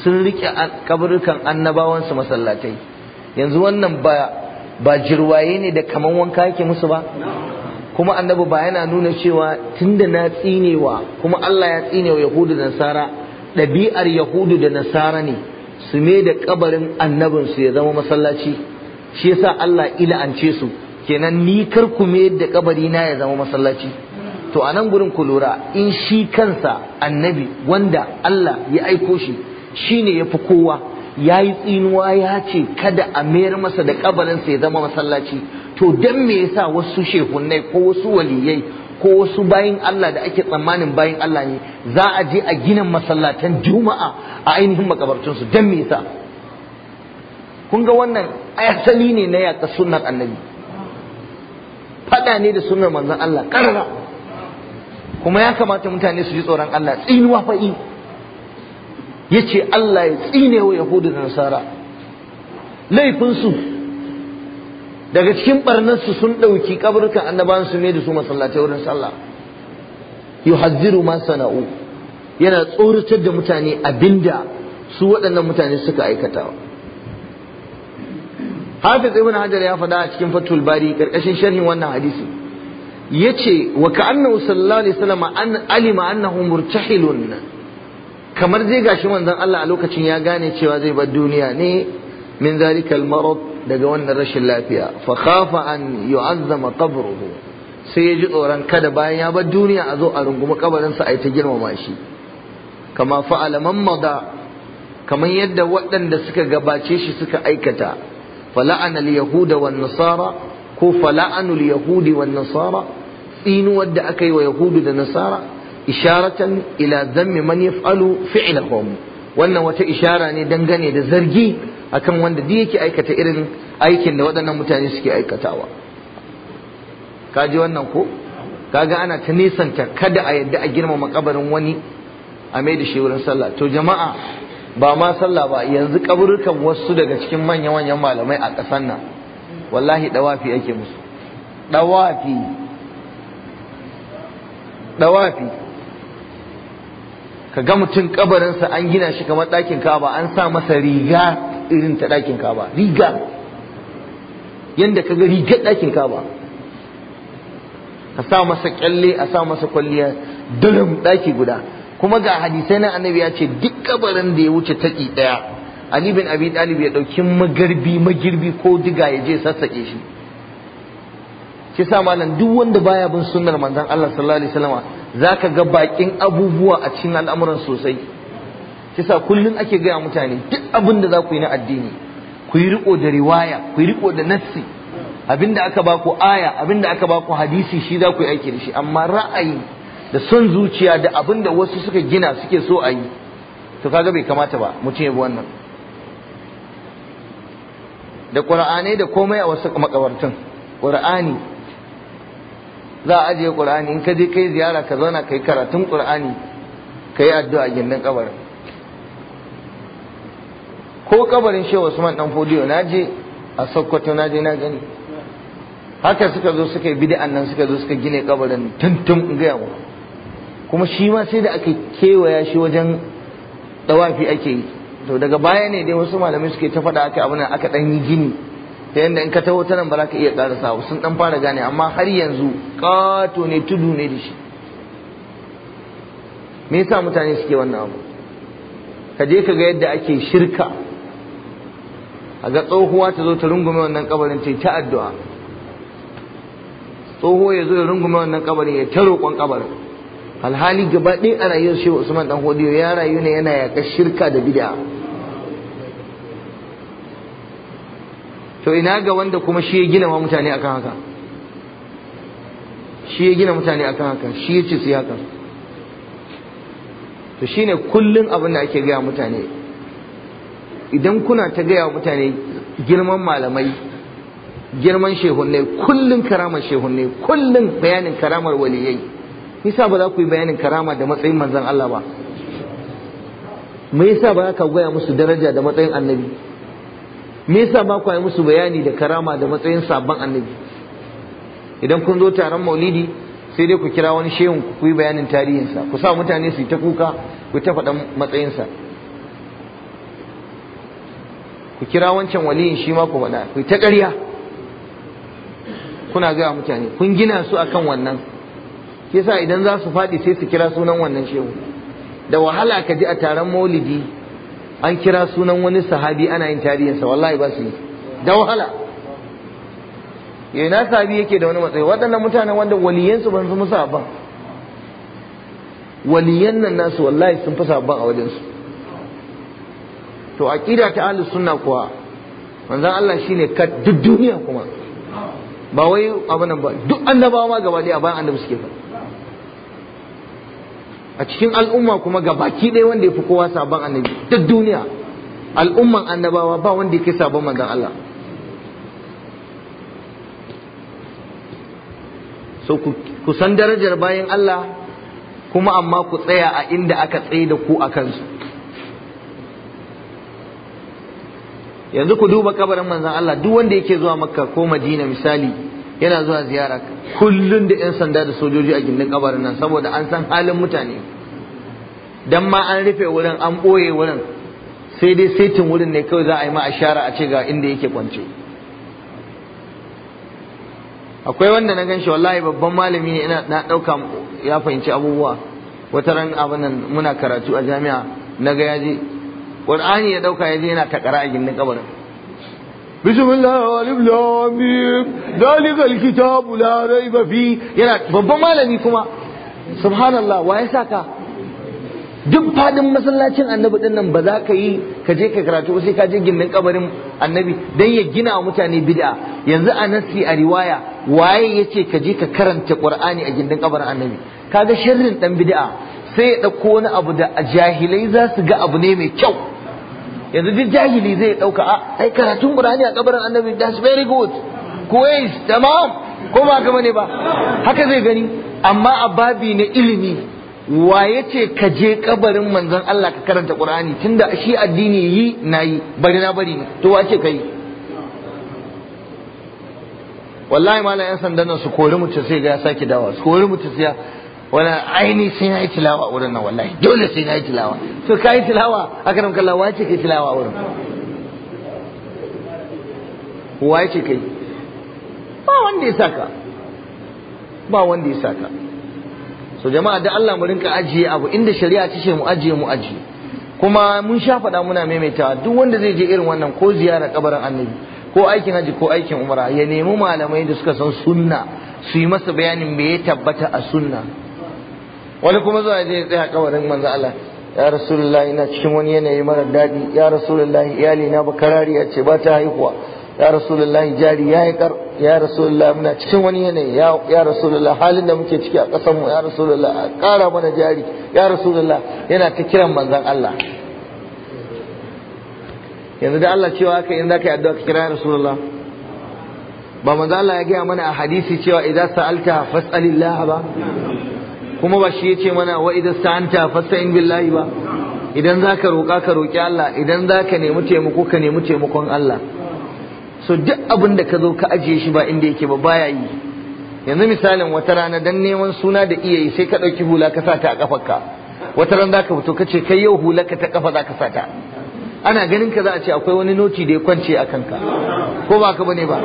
sun rike kaburukan annabawansu masallatai yanzu wannan ba ba jirwaye ne da kaman wanka yake musu ba kuma annabi ba yana nuna cewa tunda na tsinewa kuma Allah ya tsinewa yahudu da nasara ɗabi'ar yahudu da nasara ne su me da kabarin annabinsu ya zama masallaci shi yasa Allah ila'ance su kenan ni kar ku me da kabari na ya zama masallaci to a nan gurin ku lura in shi kansa annabi wanda Allah ya aiko shi shine yafi kowa ya yi tsinuwa ya ce kada a mayar masa da kabarinsa ya zama masallaci to don me yasa wasu shehunai ko wasu waliyai ko wasu bayin Allah da ake tsammanin bayin Allah ne za a je a gina masallatan juma'a a ainihin makabartunsu don me yasa kun ga wannan asali ne na yaƙa sunnar annabi faɗa ne da sunnar manzon Allah kuma ya kamata mutane su ji tsoron Allah tsinuwa fa'i ya ce Allah ya tsine wa Yahudu da Nasara laifinsu daga cikin ɓarnarsu sun ɗauki kaburkan annabawan su ne da su masallatai wurin sallah yuhazziru ma sana'u yana tsoratar da mutane abinda su waɗannan mutane suka aikata Hafiz Ibn Hajar ya faɗa a cikin Fathul Bari karkashin sharhin wannan hadisi yace wa ka'annahu sallallahu alaihi wasallam alima annahu murtahilun kamar zai gashi manzon Allah a lokacin ya gane cewa zai bar duniya ne min zalikal marad daga wannan rashin lafiya fa khafa an yu'azzama qabruhu sai ya ji tsoron kada bayan ya bar duniya a zo a rungumi sa a yi ta girmama shi kama fa'ala man mada kamar yadda waɗanda suka gabace shi suka aikata fala'ana al-yahuda wan nasara ko fala'anul yahudi wan nasara tsinuwar da aka yi wa yahudu da nasara isharatan ila zammi man yaf'alu wannan wata ishara ne dangane da zargi akan wanda duk yake aikata irin aikin da waɗannan mutane suke aikatawa ka ji wannan ko kaga ana ta nisanta kada a yadda a girmama kabarin wani a mai da shi wurin sallah to jama'a ba ma sallah ba yanzu kaburukan wasu daga cikin manya-manyan malamai a ƙasar nan wallahi dawafi ake musu dawafi dawafi ka ga mutum kabarinsa an gina shi kamar ɗakin kaba an sa masa riga irin ta ɗakin kaba riga yadda ka ga rigar ɗakin kaba a sa masa kyalle a sa masa kwalliya dalam ɗaki guda kuma ga hadisai na annabi ya ce duk kabarin da ya wuce taki ɗaya ali bin abi talib ya ɗauki magarbi magirbi ko diga ya je sassaƙe shi ke sa malam duk wanda baya bin sunnar manzon Allah sallallahu alaihi wasallam za ka ga bakin abubuwa a cikin al'amuran sosai kisa kullum ake gaya mutane duk abin da za ku yi na addini ku yi riko da riwaya ku yi riko da nassi abin da aka baku aya abin da aka baku hadisi shi za ku yi aiki da shi amma ra'ayi da son zuciya da abin da wasu suka gina suke so a yi to kaga bai kamata ba mutum ya bi wannan da ƙur'anai da komai a wasu makabartun ƙur'ani za a ajiye ƙur'ani in ka je kai ziyara ka zauna kai karatun ka yi addu'a gindin kabarin ko wasu shehu Usman dan Fodiyo je a Sokoto je na gani haka suka zo suka yi bid'an nan suka zo suka gine ƙabarin tuntum in ga kuma shi ma sai da aka kewaya shi wajen dawafi ake yi to daga baya ne dai wasu malamai suke ta faɗa aka abin aka ɗan yi gini ta yadda in ka taho ta nan ba za ka iya karasa sun dan fara gane amma har yanzu kato ne tudu ne da shi me yasa mutane suke wannan abu ka je ka ga yadda ake shirka a ga tsohuwa ta zo ta rungume wannan kabarin ta ta addu'a tsoho ya zo ya rungume wannan kabarin ya ta roƙon kabarin alhali gaba ɗaya a rayuwar shehu usman dan hodiyo ya rayu ne yana yaƙa shirka da bid'a to ina ga wanda kuma shi ya gina mutane akan haka shi ya gina mutane akan haka shi ya ce siyaka haka to shine kullun abin da ake gaya mutane idan kuna ta gaya mutane girman malamai girman shehunne kullun karamar shehunne kullun bayanin karamar waliyai sa ba za ku yi bayanin karama da matsayin manzon Allah ba me yasa ba ka gaya musu daraja da matsayin annabi me yasa ba ku yi musu bayani da karama da matsayin sabon annabi idan kun zo taron maulidi sai dai ku kira wani shehun ku ku yi bayanin tarihinsa ku sa mutane su yi ta kuka ku ta faɗan matsayinsa ku kira wancan waliyin shi ma ku faɗa ku ta ƙarya kuna gaya mutane kun gina su akan wannan yasa idan za su faɗi sai su kira sunan wannan shehu da wahala ka ji a taron maulidi an kira sunan wani sahabi ana yin tarihinsa wallahi ba su yi da wahala yana sahabi yake da wani matsayi waɗannan mutanen wanda waliyansu ban su musa ban waliyan nan nasu wallahi sun fi sabon a wajensu to aqida ta ahlus sunna kuwa manzon Allah shine ka duk duniya kuma ba wai abin nan ba duk annabawa ma gaba dai a bayan annabi suke faɗa a cikin al'umma kuma ga baki ɗaya wanda ya fi kowa sabon annabi duk duniya al'umman annabawa ba wanda ya kai sabon manzon Allah so ku san darajar bayan Allah kuma amma ku tsaya a inda aka tsaye da ku a kansu yanzu ku duba kabarin manzan Allah duk wanda yake zuwa makka ko madina misali yana zuwa ziyara kullum da 'yan sanda da sojoji a gindin kabarin nan saboda an san halin mutane don ma an rufe wurin an ɓoye wurin sai dai saitin wurin ne kawai za a yi ma ashara a ce ga inda yake kwance akwai wanda na gan shi wallahi babban malami ne na ɗauka ya fahimci abubuwa wata ran abin nan muna karatu a jami'a na ga yaje qur'ani ya ɗauka yaje yana takara a gindin kabarin بسم الله walif lamim dalikal kitabu la raiba fi yana babban malami kuma subhanallah wa ya saka duk fadin masallacin annabi din nan ba za ka yi ka je ka karatu sai ka je gindin kabarin annabi dan ya gina wa mutane bid'a yanzu a nasi a riwaya waye yace ka je ka karanta qur'ani a gindin kabarin annabi kaga sharrin dan bid'a sai ya dauko wani abu da jahilai za su ga abu ne mai kyau yanzu duk jahili zai ɗauka a ah, ai karatun qur'ani a kabarin annabi that's very good kuwais tamam ko ba gama ne ba haka zai gani amma a babi na ilimi waye ce ka je kabarin manzon Allah ka karanta qur'ani tunda shi addini yi nayi bari na bari ne to wace kai wallahi malam yan sandan su kori mutum sai ga ya sake dawa su kori mutum sai wala aini sai na yi tilawa a wurin nan wallahi dole sai na yi tilawa to ka yi tilawa aka nan wa wace kai tilawa a wurin ce kai ba wanda ya saka ba wanda ya saka so jama'a da Allah mu rinka ajiye abu inda shari'a ta ce mu ajiye mu ajiye kuma mun sha faɗa muna maimaitawa duk wanda zai je irin wannan ko ziyara kabarin annabi ko aikin haji ko aikin umara ya nemi malamai da suka san sunna su yi masa bayanin me ya tabbata a sunna wani kuma zuwa zai ya tsaya kabarin manzo Allah ya rasulullahi ina cikin wani yanayi mara daɗi ya rasulullahi iyali na bakarariya ce ba ta haihuwa ya rasulullahi jari ya yi kar ya rasulullahi muna cikin wani yanayi ya rasulullahi halin da muke ciki a kasanmu mu ya rasulullahi a kara mana jari ya rasulullahi yana ta kiran manzon Allah yanzu da Allah cewa haka in zaka yi addu'a ka kira ya rasulullah ba manzon Allah ya gaya mana a hadisi cewa idza sa'alta fas'alillah ba kuma ba shi ya ce mana wa idan sa'anta fasta'in billahi ba idan zaka roƙa ka roƙi Allah idan zaka nemi taimako ka nemi taimakon Allah so duk abin da ka zo ka ajiye shi ba inda yake ba baya yi yanzu misalin wata rana dan neman suna da iya yi sai ka ɗauki hula ka sa ta a kafarka wata ran zaka fito ka ce kai yau hula ka ta kafa zaka sa ta ana ganin ka za a ce akwai wani noti da ya kwance a kanka ko ba ka bane ba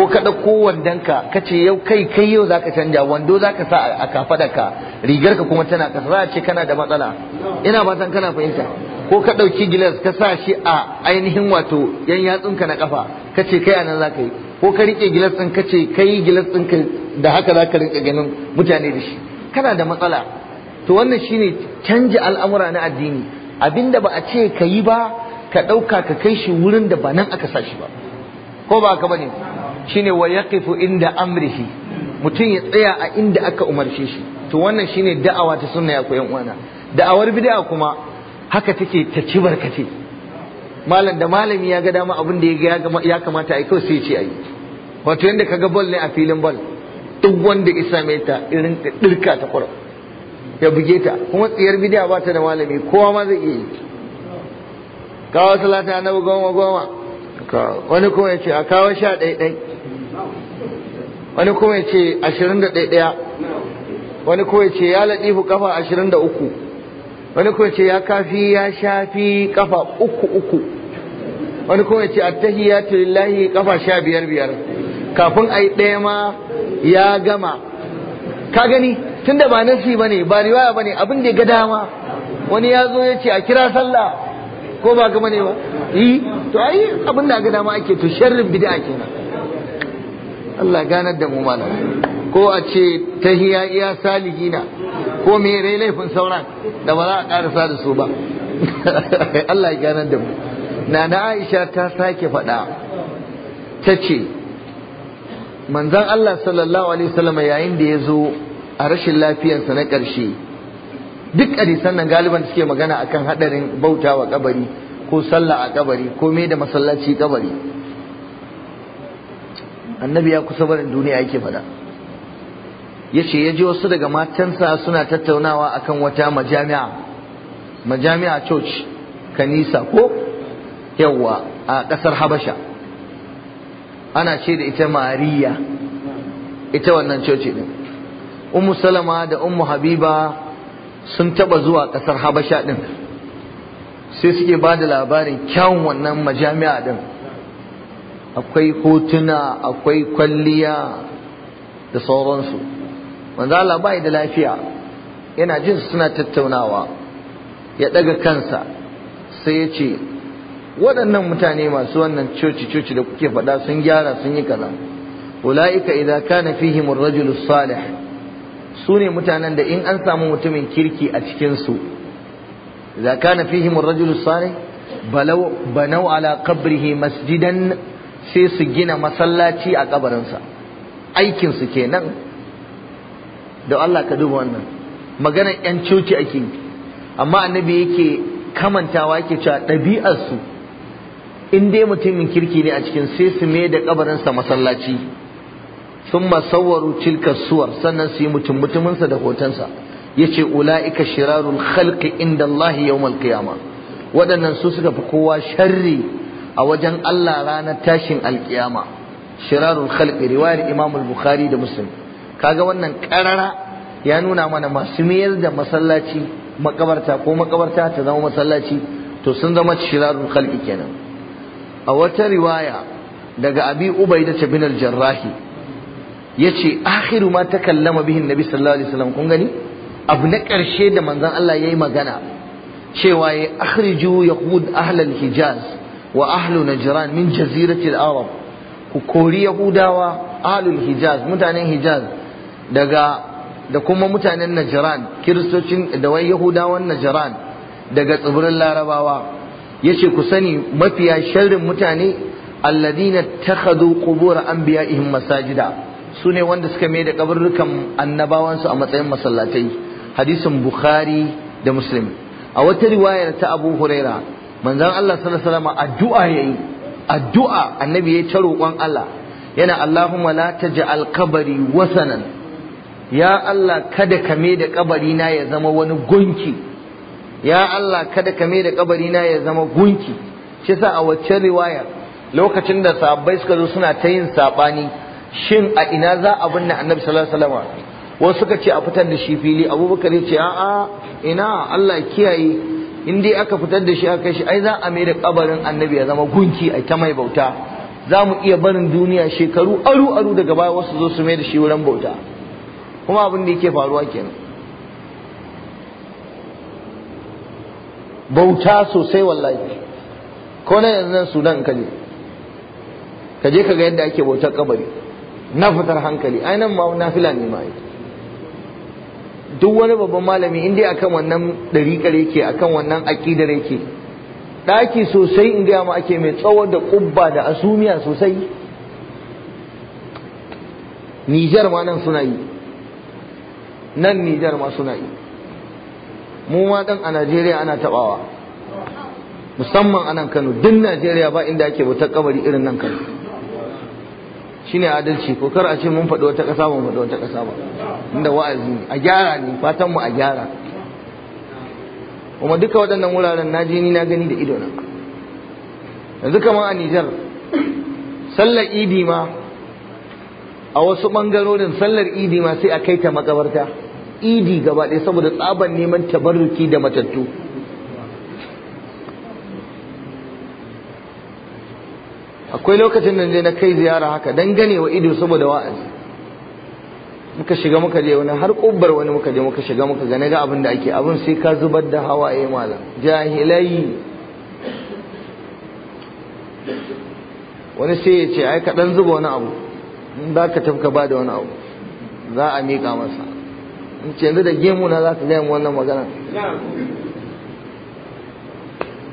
ko ka ɗauko wandonka ka ce yau kai kai yau za ka canja wando za ka sa a kafadarka ka kuma tana kasa. za a ce kana da matsala ina fatan kana fahimta ko ka ɗauki gilas ka sa shi a ainihin wato yan yatsunka na ƙafa ka ce kai anan za ka yi ko ka riƙe gilas ɗin ka ce kai gilas ɗinka da haka za ka riƙa ganin mutane da shi kana da matsala to wannan shine canja al'amura na addini abinda ba a ce ka yi ba ka ɗauka ka kai shi wurin da ba nan aka sa shi ba ko ba ka bane shine wa yaqifu inda amrihi mutum ya tsaya a inda aka umarce shi to wannan shine da'awa ta sunna ya koyan uwana da'awar bid'a kuma haka take ta ci barkace malam da malami ya ga dama abin da ya kamata ai kawai sai ce ai wato yanda ka ball ne a filin ball duk wanda isa mai ta irin dirka ta kwaro ya buge ta kuma tsiyar bidiya ba ta da malami kowa ma zai iya yi kawo salata na goma goma wani kuma ya ce a kawo sha ɗaiɗai wani kuma ya ce ashirin da ɗaiɗaya wani kuma ya ce ya laɗifu kafa ashirin da uku wani kuma ya ce ya kafi ya shafi kafa uku uku wani kuma ya ce attahiyatu lillahi kafa sha biyar biyar kafin a yi ɗaya ma ya gama ka gani tunda ba nasi bane ba riwaya bane abin da ya ga dama wani ya zo ya ce a kira sallah ko ba gama ne ba yi eh, to ai abin da ga dama ake to sharrin bid'a kenan Allah ganar da mu malam ko a ce tahiya iya salihina ko me rai laifin sauran da ba za a karasa da su ba Allah ya ganar da mu nana Aisha ta sake faɗa ta ce manzon Allah sallallahu alaihi wasallam yayin da ya zo a rashin lafiyarsa na ƙarshe duk hadisan nan galiban suke magana akan hadarin bautawa kabari ko sallah a kabari ko me da masallaci kabari annabi ya kusa barin duniya yake fada yace ya ji wasu daga matansa suna tattaunawa akan wata majami'a majami'a church kanisa ko yawa a kasar habasha ana ce da ita mariya ita wannan coci din umu salama da umu habiba sun taba zuwa kasar habasha din sai suke ba da labarin kyawun wannan majami'a din akwai hotuna akwai kwalliya da sauransu wanda Allah bai da lafiya yana jin suna tattaunawa ya daga kansa sai ya ce waɗannan mutane masu wannan coci coci da kuke faɗa sun gyara sun yi kaza ulaika idza kana fihim ar-rajulu salih su ne mutanen da in an samu mutumin kirki a cikinsu za ka na fihim rajulu sare banau ala kabrihi masjidan sai su gina masallaci a kabarinsa aikinsu kenan da Allah ka duba wannan maganar yan coci ake yi amma annabi yake kamantawa yake cewa ɗabi'arsu in dai mutumin kirki ne a cikin sai su mai da kabarinsa masallaci sun masawwaru tilka suwar sannan su yi mutum mutuminsa da hotonsa ya ce ula'ika shirarun khalqi inda Allah yawmal qiyama waɗannan su suka fi kowa sharri a wajen Allah ranar tashin alkiyama shirarun khalqi riwayar Imam al-Bukhari da Muslim kaga wannan karara ya nuna mana masu miyar da masallaci makabarta ko makabarta ta zama masallaci to sun zama shirarun khalqi kenan a wata riwaya daga Abi Ubaida bin al-Jarrahi yace akhiru ma takallama bihi annabi sallallahu alaihi wasallam kun gani abu na karshe da manzon Allah yayi magana cewa ya akhriju yahud ahlal hijaz wa ahlu najran min jazirati al-arab ku kori yahudawa ahlul hijaz mutanen hijaz daga da kuma mutanen najran kiristocin da wai yahudawan najran daga tsibirin larabawa yace ku sani mafiya sharrin mutane alladina takhadhu qubur anbiya'ihim masajida su ne wanda suka mai da kabarrukan annabawansu a matsayin masallatai hadisin bukhari da muslim a wata riwayar ta abu huraira manzon allah sallallahu alaihi wasallam addu'a yayi addu'a annabi yayi ta roƙon allah yana allahumma la taj'al qabri wasanan ya allah kada ka mai da kabari na ya zama wani gunki ya allah kada ka mai da kabari na ya zama gunki shi sa a wacce riwayar lokacin da sahabbai suka zo suna ta yin sabani shin a ina za a binne annabi sallallahu alaihi wasallam wasu suka ce a fitar da shi fili abubakar ya ce a'a ina Allah kiyaye in dai aka fitar da shi aka kai shi ai za a mai da kabarin annabi ya zama gunki a ta mai bauta za mu iya barin duniya shekaru aru aru daga baya wasu zo su mai da shi wurin bauta kuma abin da yake faruwa kenan bauta sosai wallahi ko na yanzu nan sudan kaje kaje ka ga yadda ake bautar kabari na fitar hankali ainihin nan na fila ne ma duk wani babban malami inda akan wannan ɗariƙar yake akan wannan aƙidar yake ɗaki sosai in gaya ma ake mai tsawo da ƙubba da asumiya sosai Nijar ma nan suna yi nan Nijar ma suna yi mu ma dan a Najeriya ana tabawa musamman a nan Kano duk Najeriya ba inda ake bautar kabari irin nan Kano Shi ne adalci ko kar a ce mun faɗi wata ƙasa ba mun faɗi wata ƙasa ba inda wa'azi ne a gyara ne fatan mu a gyara kuma duka waɗannan wuraren na je ni na gani da idona yanzu kamar a Nijar sallar idi ma a wasu ɓangarorin sallar idi ma sai a kai ta makabarta idi gaba ɗaya saboda tsaban neman tabarruki da matattu akwai lokacin da na kai ziyara haka dan ganewa ido saboda wa'azi muka shiga muka je wani har kubbar wani muka je muka shiga muka ga naga abin da ake abin sai ka zubar da hawaye malam jahilai wani sai ya ce ai ka dan zuba wani abu in za ka tafka ba da wani abu za a miƙa masa in ce yanzu da gemu na za ka gaya wannan magana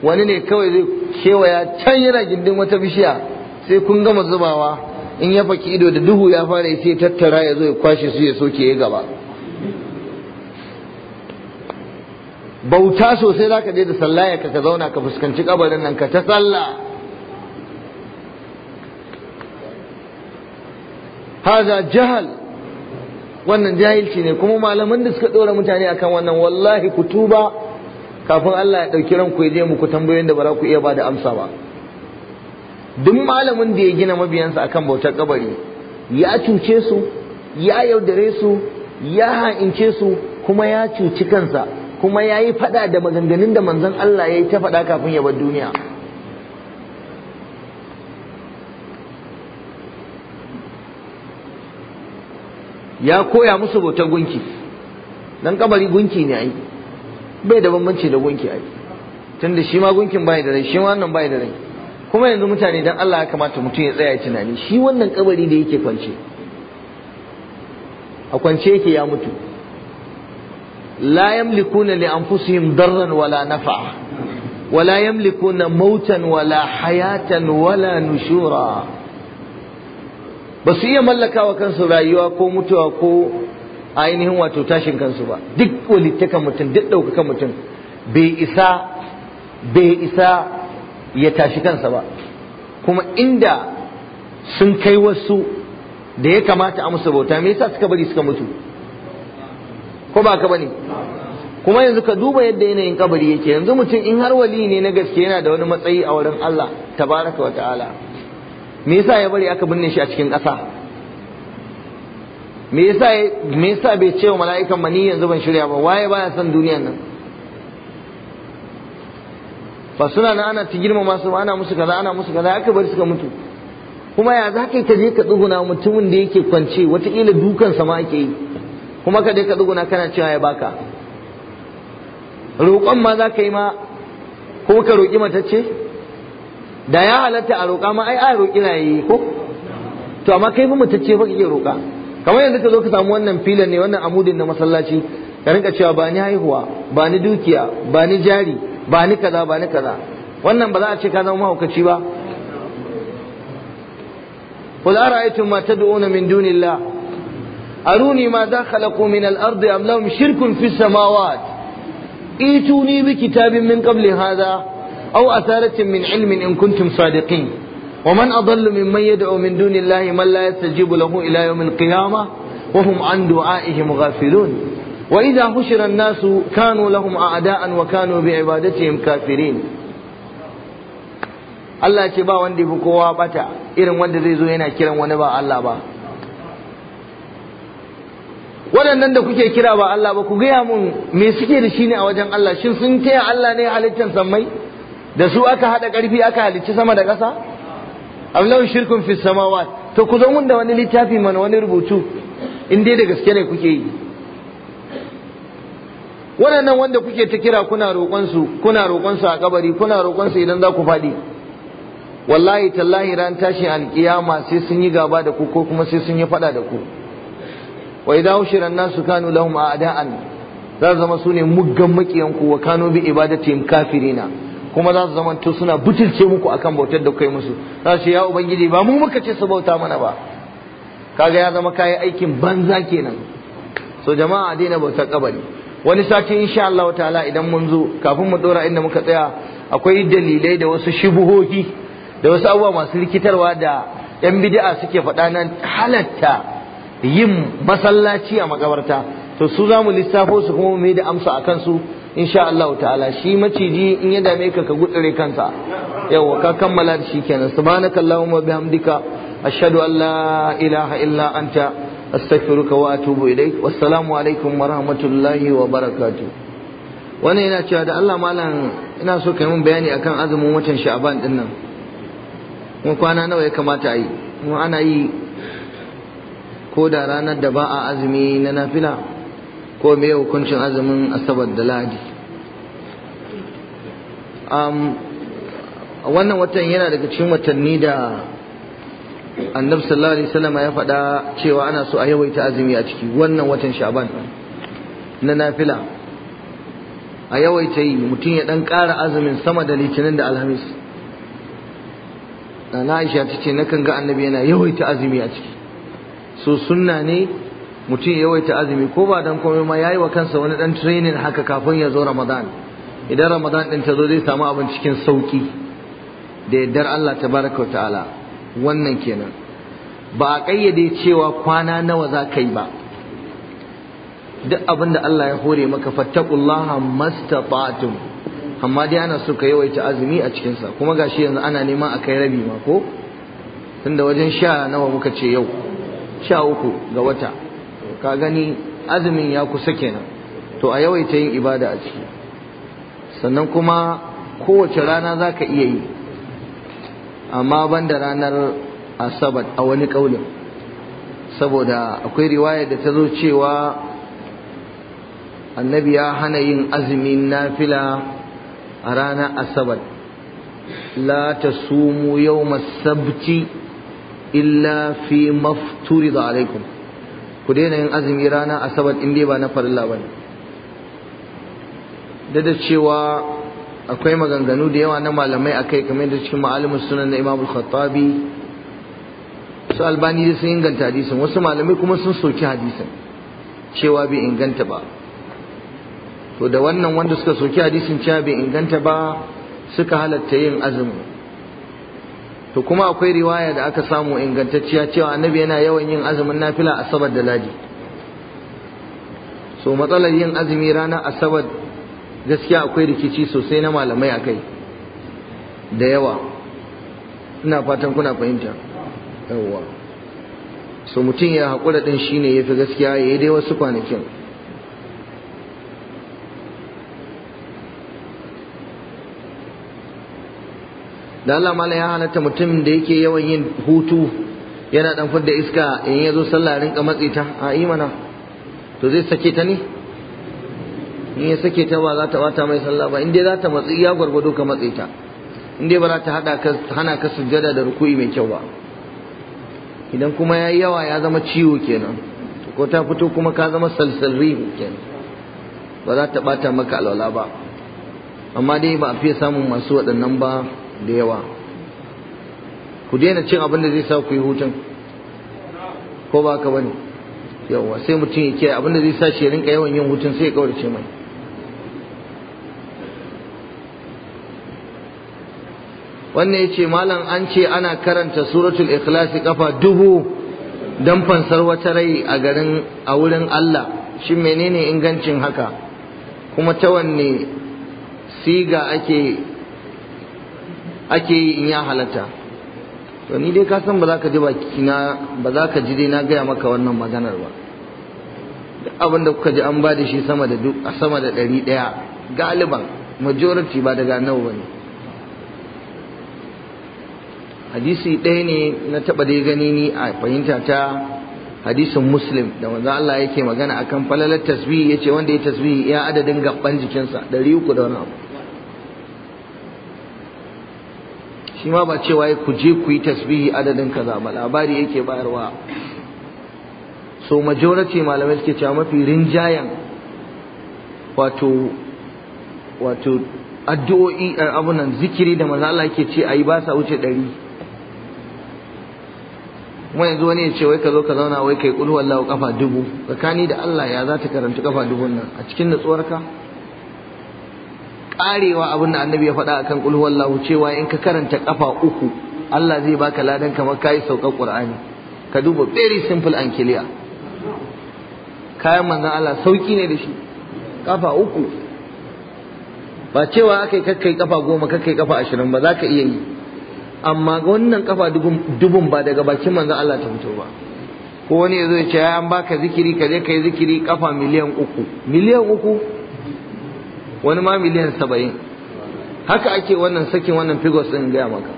wani ne kawai zai kewaya can yana gindin wata bishiya sai kun gama zubawa in ya faki ido da duhu ya fara sai tattara ya zo ya kwashe su ya soke ya gaba bauta sosai za ka je da sallaya ka ka zauna ka fuskanci kabarin nan ka ta sallah haza jahal wannan jahilci ne kuma malaman da suka ɗora mutane akan wannan wallahi ku tuba kafin Allah ya ɗauki ranku ya je muku tambayoyin da ba za ku iya ba da amsa ba duk malamin da ya gina mabiyansa akan bautar kabari ya cuce su ya yaudare su ya ha'ince su kuma ya cuci kansa kuma ya yi faɗa da maganganun da manzon Allah ya yi ta faɗa kafin ya bar duniya ya koya musu bautar gunki dan kabari gunki ne ai bai da bambanci da gunki ai tunda shi ma gunkin bai da rai shi wannan bai da rai kuma yanzu mutane dan Allah ya kamata mutum ya tsaya tunani shi wannan kabari da yake kwance a kwance yake ya mutu la yamlikuna li anfusihim darran wala nafa'a wala yamlikuna mautan wala hayatan wala nushura ba su iya mallaka wa kansu rayuwa ko mutuwa ko ainihin wato tashin kansu ba duk walittakan mutum duk ɗaukakan mutum bai isa bai isa ya tashi kansa ba kuma inda sun kai wasu da ya kamata a musu bauta me yasa suka bari suka mutu ko ba ka bane kuma yanzu ka duba yadda yanayin kabari yake yanzu mutum in har wali ne na gaske yana da wani matsayi a wurin Allah tabaraka wa ta'ala me yasa ya bari aka binne shi a cikin ƙasa me yasa me yasa bai ce wa mala'ikan mani yanzu ban shirya ba waye baya son duniyan nan fa suna nan ana ta girmama su ana musu kaza ana musu kaza aka bar suka mutu kuma ya za ka yi ka je ka tsuguna mutumin da yake kwance wataƙila dukan sama ake yi kuma ka je ka tsuguna kana cewa ya baka roƙon ma za ka yi ma ko ka roƙi matacce da ya halatta a roƙa ma ai a roƙi rayayi ko to amma kai fa mutacce fa kake roƙa kamar yanzu ka zo ka samu wannan filan ne wannan amudin na masallaci ka rinka cewa ba ni haihuwa ba ni dukiya ba ni jari ba ni kaza ba ni kaza wannan ba za a ce ka zama mahaukaci ba قل أرأيتم ما تدعون من دون الله أروني ماذا خلقوا من الأرض أم لهم شرك في السماوات ائتوني بكتاب من قبل هذا أو أثارة من علم إن كنتم صادقين ومن أضل ممن يدعو من دون الله من لا يستجيب له إلى يوم القيامة وهم عن دعائهم غافلون وإذا حشر الناس كانوا لهم أعداء وكانوا بعبادتهم كافرين Allah ce ba wanda fi kowa bata irin wanda zai zo yana kiran wani ba Allah ba waɗannan da kuke kira ba Allah ba ku gaya mun me suke da shi ne a wajen Allah shin sun taya Allah ne halittar sammai da su aka haɗa ƙarfi aka halicci sama da ƙasa am lahu shirkun fi samawat to ku zo mun da wani littafi mana wani rubutu in dai da gaske ne kuke yi waɗannan wanda kuke ta kira kuna roƙonsu kuna su a kabari kuna su idan za ku faɗi wallahi tallahi ran tashi alƙiyama sai sun yi gaba da ku ko kuma sai sun yi faɗa da ku wa idan ushiran nasu kanu lahum a'da'an za zama sune ne muggan makiyan ku wa kanu bi ibadatihim kafirina kuma za su zamanto suna butulce muku akan bautar da kai musu za su ya ubangiji ba mu muka ce su bauta mana ba kaga ya zama kayi aikin banza kenan so jama'a a daina bautar kabari wani sati insha Allah ta'ala idan mun zo kafin mu dora inda muka tsaya akwai dalilai da wasu shubuhohi da wasu abubuwa masu rikitarwa da yan bid'a suke faɗa nan halatta yin masallaci a makabarta to su zamu lissafo su kuma mu yi da amsa a kansu insha Allah ta'ala shi maciji in ya dame ka ka gutsure kansa yawa ka kammala da shi kenan subhanakallahumma bihamdika ashhadu an la ilaha illa anta astaghfiruka wa atubu ilaik wassalamu alaikum wa rahmatullahi wa barakatuh wannan yana cewa da Allah malam ina so kai mun bayani akan azumin watan sha'ban din nan mun kwana nawa ya kamata a mun ana yi ko da ranar da ba a azumi na nafila ko me hukuncin azumin asabar da ladi wannan watan yana daga cikin watanni da annabi sallallahu alaihi wasallam ya faɗa cewa ana so a yawaita azumi a ciki wannan watan sha'ban na nafila a yawaita yi mutum ya dan kara azumin sama da litinin da alhamis na aisha ta ce nakan ga annabi yana yawaita azumi a ciki so sunna ne mutum ya yawaita azumi ko ba dan komai ma yayi wa kansa wani dan training haka kafin ya zo Ramadan idan Ramadan din ta zo zai samu abin cikin sauki da yardar Allah tabaraka ta'ala wannan kenan ba a kayyade cewa kwana nawa za ka yi ba duk abin da Allah ya hore maka fattaqullaha mastata'tum amma dai ana so ka yawaita azumi a cikin sa kuma gashi yanzu ana nema a kai rabi ma ko tunda wajen sha nawa muka ce yau sha uku ga wata ka gani azumin ya kusa kenan to a yawaita yin ibada a ciki sannan kuma kowace rana za ka iya yi amma ban da ranar asabar a wani ƙaunin saboda akwai riwaya da ta zo cewa annabi ya hana yin azumin nafila a ranar asabar la ta sumu yau masabti illa fi mafturi da alaikum ku daina yin azumi rana asabar in dai ba na farilla ba da da cewa akwai maganganu da yawa na malamai akai kamar da cikin ma'alimus sunan na Imam Al-Khattabi su Albani sun inganta hadisin wasu malamai kuma sun soki hadisin cewa bai inganta ba to da wannan wanda suka soki hadisin cewa bai inganta ba suka halatta yin azumi to kuma akwai riwaya da aka samu ingantacciya cewa annabi yana yawan yin azumin nafila asabar da ladi so matsalar yin azumi ranar asabar gaskiya akwai rikici sosai na malamai akai da yawa ina fatan kuna fahimta yawa so mutum ya haƙura ɗin shine ya fi gaskiya ya yi dai wasu kwanakin da Allah mala ya halatta mutum da yake yawan yin hutu yana dan fidda iska in ya zo sallah rinka matsi ta a imana to zai sake ta ne in ya sake ta ba za ta bata mai sallah ba in dai za ta matsi ya gwargwado ka matsi ta in dai ba za ta hada ka hana ka sujjada da ruku'i mai kyau ba idan kuma yayi yawa ya zama ciwo kenan ko ta fito kuma ka zama salsalri kenan ba za ta bata maka alwala ba amma dai ba a fiye samun masu waɗannan ba da yawa ku daina cin abin da zai sa ku yi hutun ko ba ka bane yawa sai mutum ya kiyaye abin da zai sa shi ya rinka yawan yin hutun sai ya kaurace mai wannan yace malam an ce ana karanta suratul ikhlasi kafa dubu don fansar wata rai a garin a wurin Allah shi menene ingancin haka kuma ta wanne siga ake ake yi in ya halatta to ni dai ka san ba za ka ji baki na ba za ka ji dai na gaya maka wannan maganar ba duk abin da kuka ji an ba da shi sama da duk a sama da ɗari ɗaya galiban majority ba daga nawa ba ne hadisi ɗaya ne na taɓa dai gani ni a fahimta ta hadisin muslim da wanzu Allah yake magana akan falalar tasbihi yace wanda ya tasbihi ya adadin gaban jikinsa ɗari uku da wani abu shi ma ba cewa ku je ku yi tasbihi adadin kaza ba labari yake bayarwa so majority malamai suke cewa mafi rinjayen wato wato addu'o'i eh, nan, zikiri da manzo Allah yake ce ayi ba sa wuce ɗari kuma yanzu wani ya ce wai ka zo ka zauna wai kai kulhu wallahu kafa dubu tsakani da Allah ya za ta karanta kafa dubun nan a cikin natsuwarka karewa abin da annabi ya faɗa akan kul lahu cewa in ka karanta kafa uku Allah zai baka ladan kamar kai saukar Qur'ani ka duba very simple and clear kayan manzon Allah sauki ne da shi kafa uku ba cewa akai kakkai kafa goma kakkai kafa ashirin ba za ka iya yi amma wannan kafa dubun ba daga bakin manzon Allah ta fito ba ko wani ya zo ya ce an baka zikiri ka je yi zikiri kafa miliyan uku miliyan uku wani ma miliyan saba'in haka ake wannan sakin wannan figos din gaya maka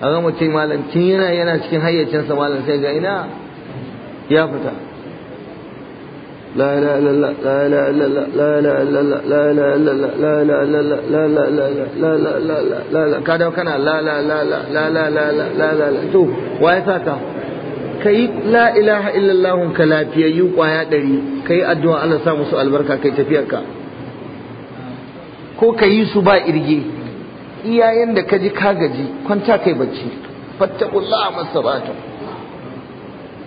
a ga mutum malam tun yana yana cikin hayyacinsa malam sai ga ina ya fita la la la la la la la la la la la la la la la la ka la la la la la la la ɗari la la addu'a la la la albarka kai tafiyarka ko ka yi su ba irge iyayen da ka ji ka gaji kwanta kai bacci masa masabata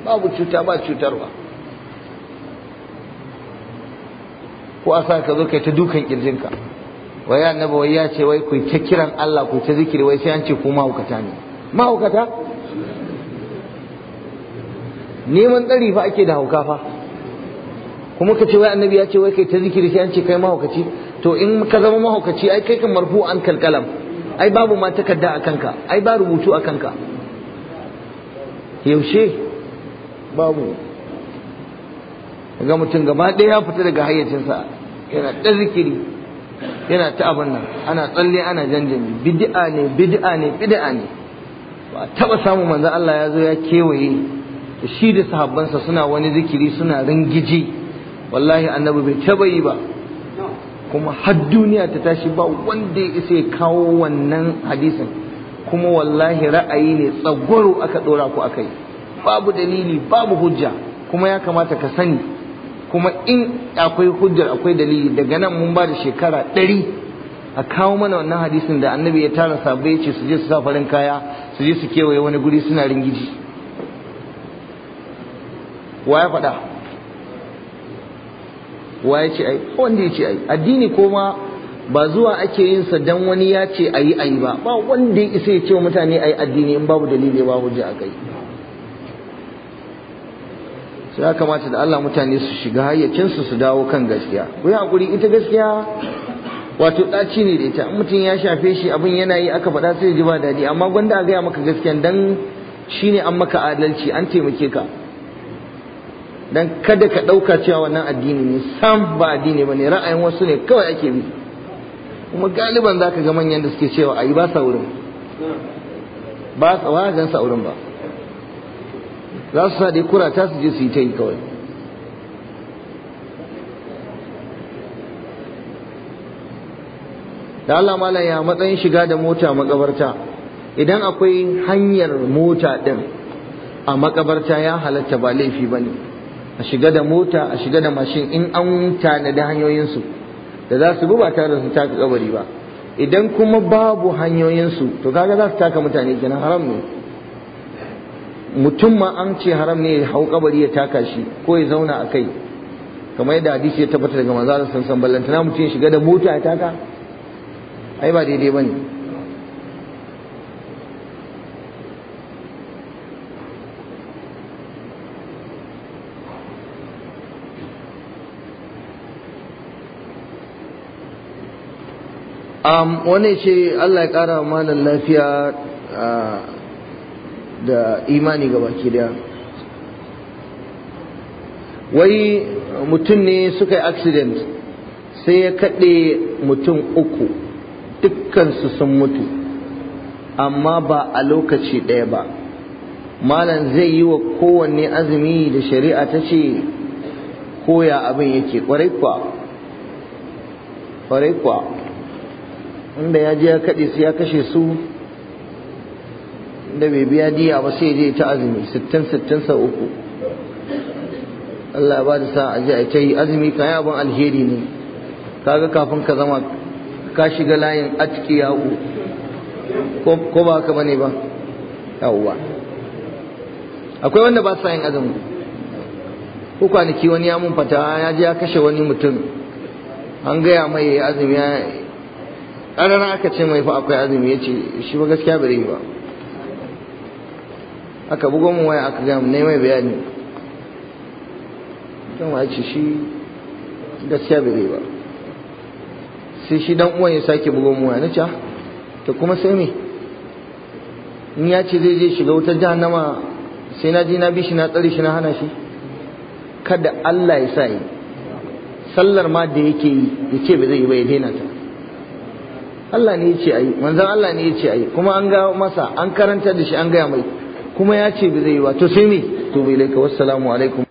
babu cuta ba cutarwa ko a sa ka zo kai ta dukan kirjinka wai annabi wai ya ce wai ku ta kiran Allah ku ta zikiri wai sai an ce ku mahaukata ne mahaukata neman tsari fa ake da hauka fa kuma ka ce wai annabi ya ce wai kai ta zikiri sai an ce kai mahaukaci to in ka zama mahaukaci ai kai kan marfu an kalkalam ai babu ma takarda a kanka ai ba rubutu a kanka yaushe babu ga mutum gaba ɗaya ya fita daga hayyacinsa yana ɗan zikiri yana ta abin nan ana tsalle ana janjani bid'a ne bid'a ne bid'a ne ba taɓa samun manzo Allah ya zo ya kewaye shi da sahabbansa suna wani zikiri suna ringiji wallahi annabi bai taɓa yi ba kuma har duniya ta tashi ba wanda ya isa ya kawo wannan hadisin kuma wallahi ra'ayi ne tsagwaro aka dora ku akai babu dalili babu hujja kuma ya kamata ka sani kuma in akwai hujjar akwai dalili daga nan mun ba da shekara ɗari a kawo mana wannan hadisin da annabi ya tara sabai ce su je su sa farin kaya su je su kewaye wani guri suna ringiji wa ya faɗa wa ya ce ai wanda ya ce ai addini koma ba zuwa ake yin sa dan wani ya ce ayi ayi ba ba wanda ya isa ya ce mutane ayi addini in babu dalili ba hujja a kai sai ya kamata da Allah mutane su shiga hayyacin su su dawo kan gaskiya ku yi hakuri ita gaskiya wato ɗaci ne da ita in mutum ya shafe shi abin yana yi aka faɗa sai ya ji ba daɗi amma gwanda a gaya maka gaskiya? dan shine an maka adalci an taimake ka dan kada ka ɗauka cewa wannan addini ne sam ba addini ba ra'ayin wasu ne kawai ake bi kuma galiban za ga manyan da suke cewa ayi ba sa ba sa wa gan sa ba za su sa dai kura ta su je su yi ta yi kawai da Allah malam ya matsayin shiga da mota makabarta idan akwai hanyar mota din a makabarta ya halatta ba laifi ba ne a shiga da mota a shiga da mashin in an tanadi hanyoyinsu da za su bi ba tare da su taka kabari ba idan kuma babu hanyoyinsu to kaga za su taka mutane kenan haram ne mutum ma an ce haram ne ya hau kabari ya taka shi ko ya zauna a kai kamar yadda hadisi ya tabbata daga manzo Allah san ballantana mutum ya shiga da mota ya taka ai ba daidai bane wani ce Allah ya kara mana lafiya da imani ga baki daya wai mutum ne suka yi accident sai ya kaɗe mutum uku dukkansu sun mutu amma ba a lokaci ɗaya ba malam zai yi wa kowanne azumi da shari'a ta ce koya abin yake kwarai kwa inda ya je ya kaɗe su ya kashe su da bai biya diya ba sai je ta azumi sittin sittin sau uku Allah ba da sa a je a ta yi azumi ka yi abin alheri ne kaga kafin ka zama ka shiga layin ya yawo ko ba ka bane ba yawuwa akwai wanda ba sa yin azumi ko kwanaki wani ya mun fata ya je ya kashe wani mutum an gaya mai azumi ƙarara aka ce mai fa akwai azumi ya ce shi ba gaskiya bari ba aka bugo mu waya aka gama ne mai bayani don wa ce shi gaskiya bari ba sai shi dan uwan ya sake bugo mu waya na ce ah, to kuma sai me in ya ce zai je shiga wutar jahannama sai na je na bi shi na tsare shi na hana shi kada Allah ya sa yi sallar ma da yake yi ya ce ba zai yi ba ya daina ta Allah ne yace ayi manzon Allah ne yace ayi kuma an ga masa an karanta da shi an gaya mai kuma ya ce ba zai yi ba to sai me to bai laika wassalamu alaikum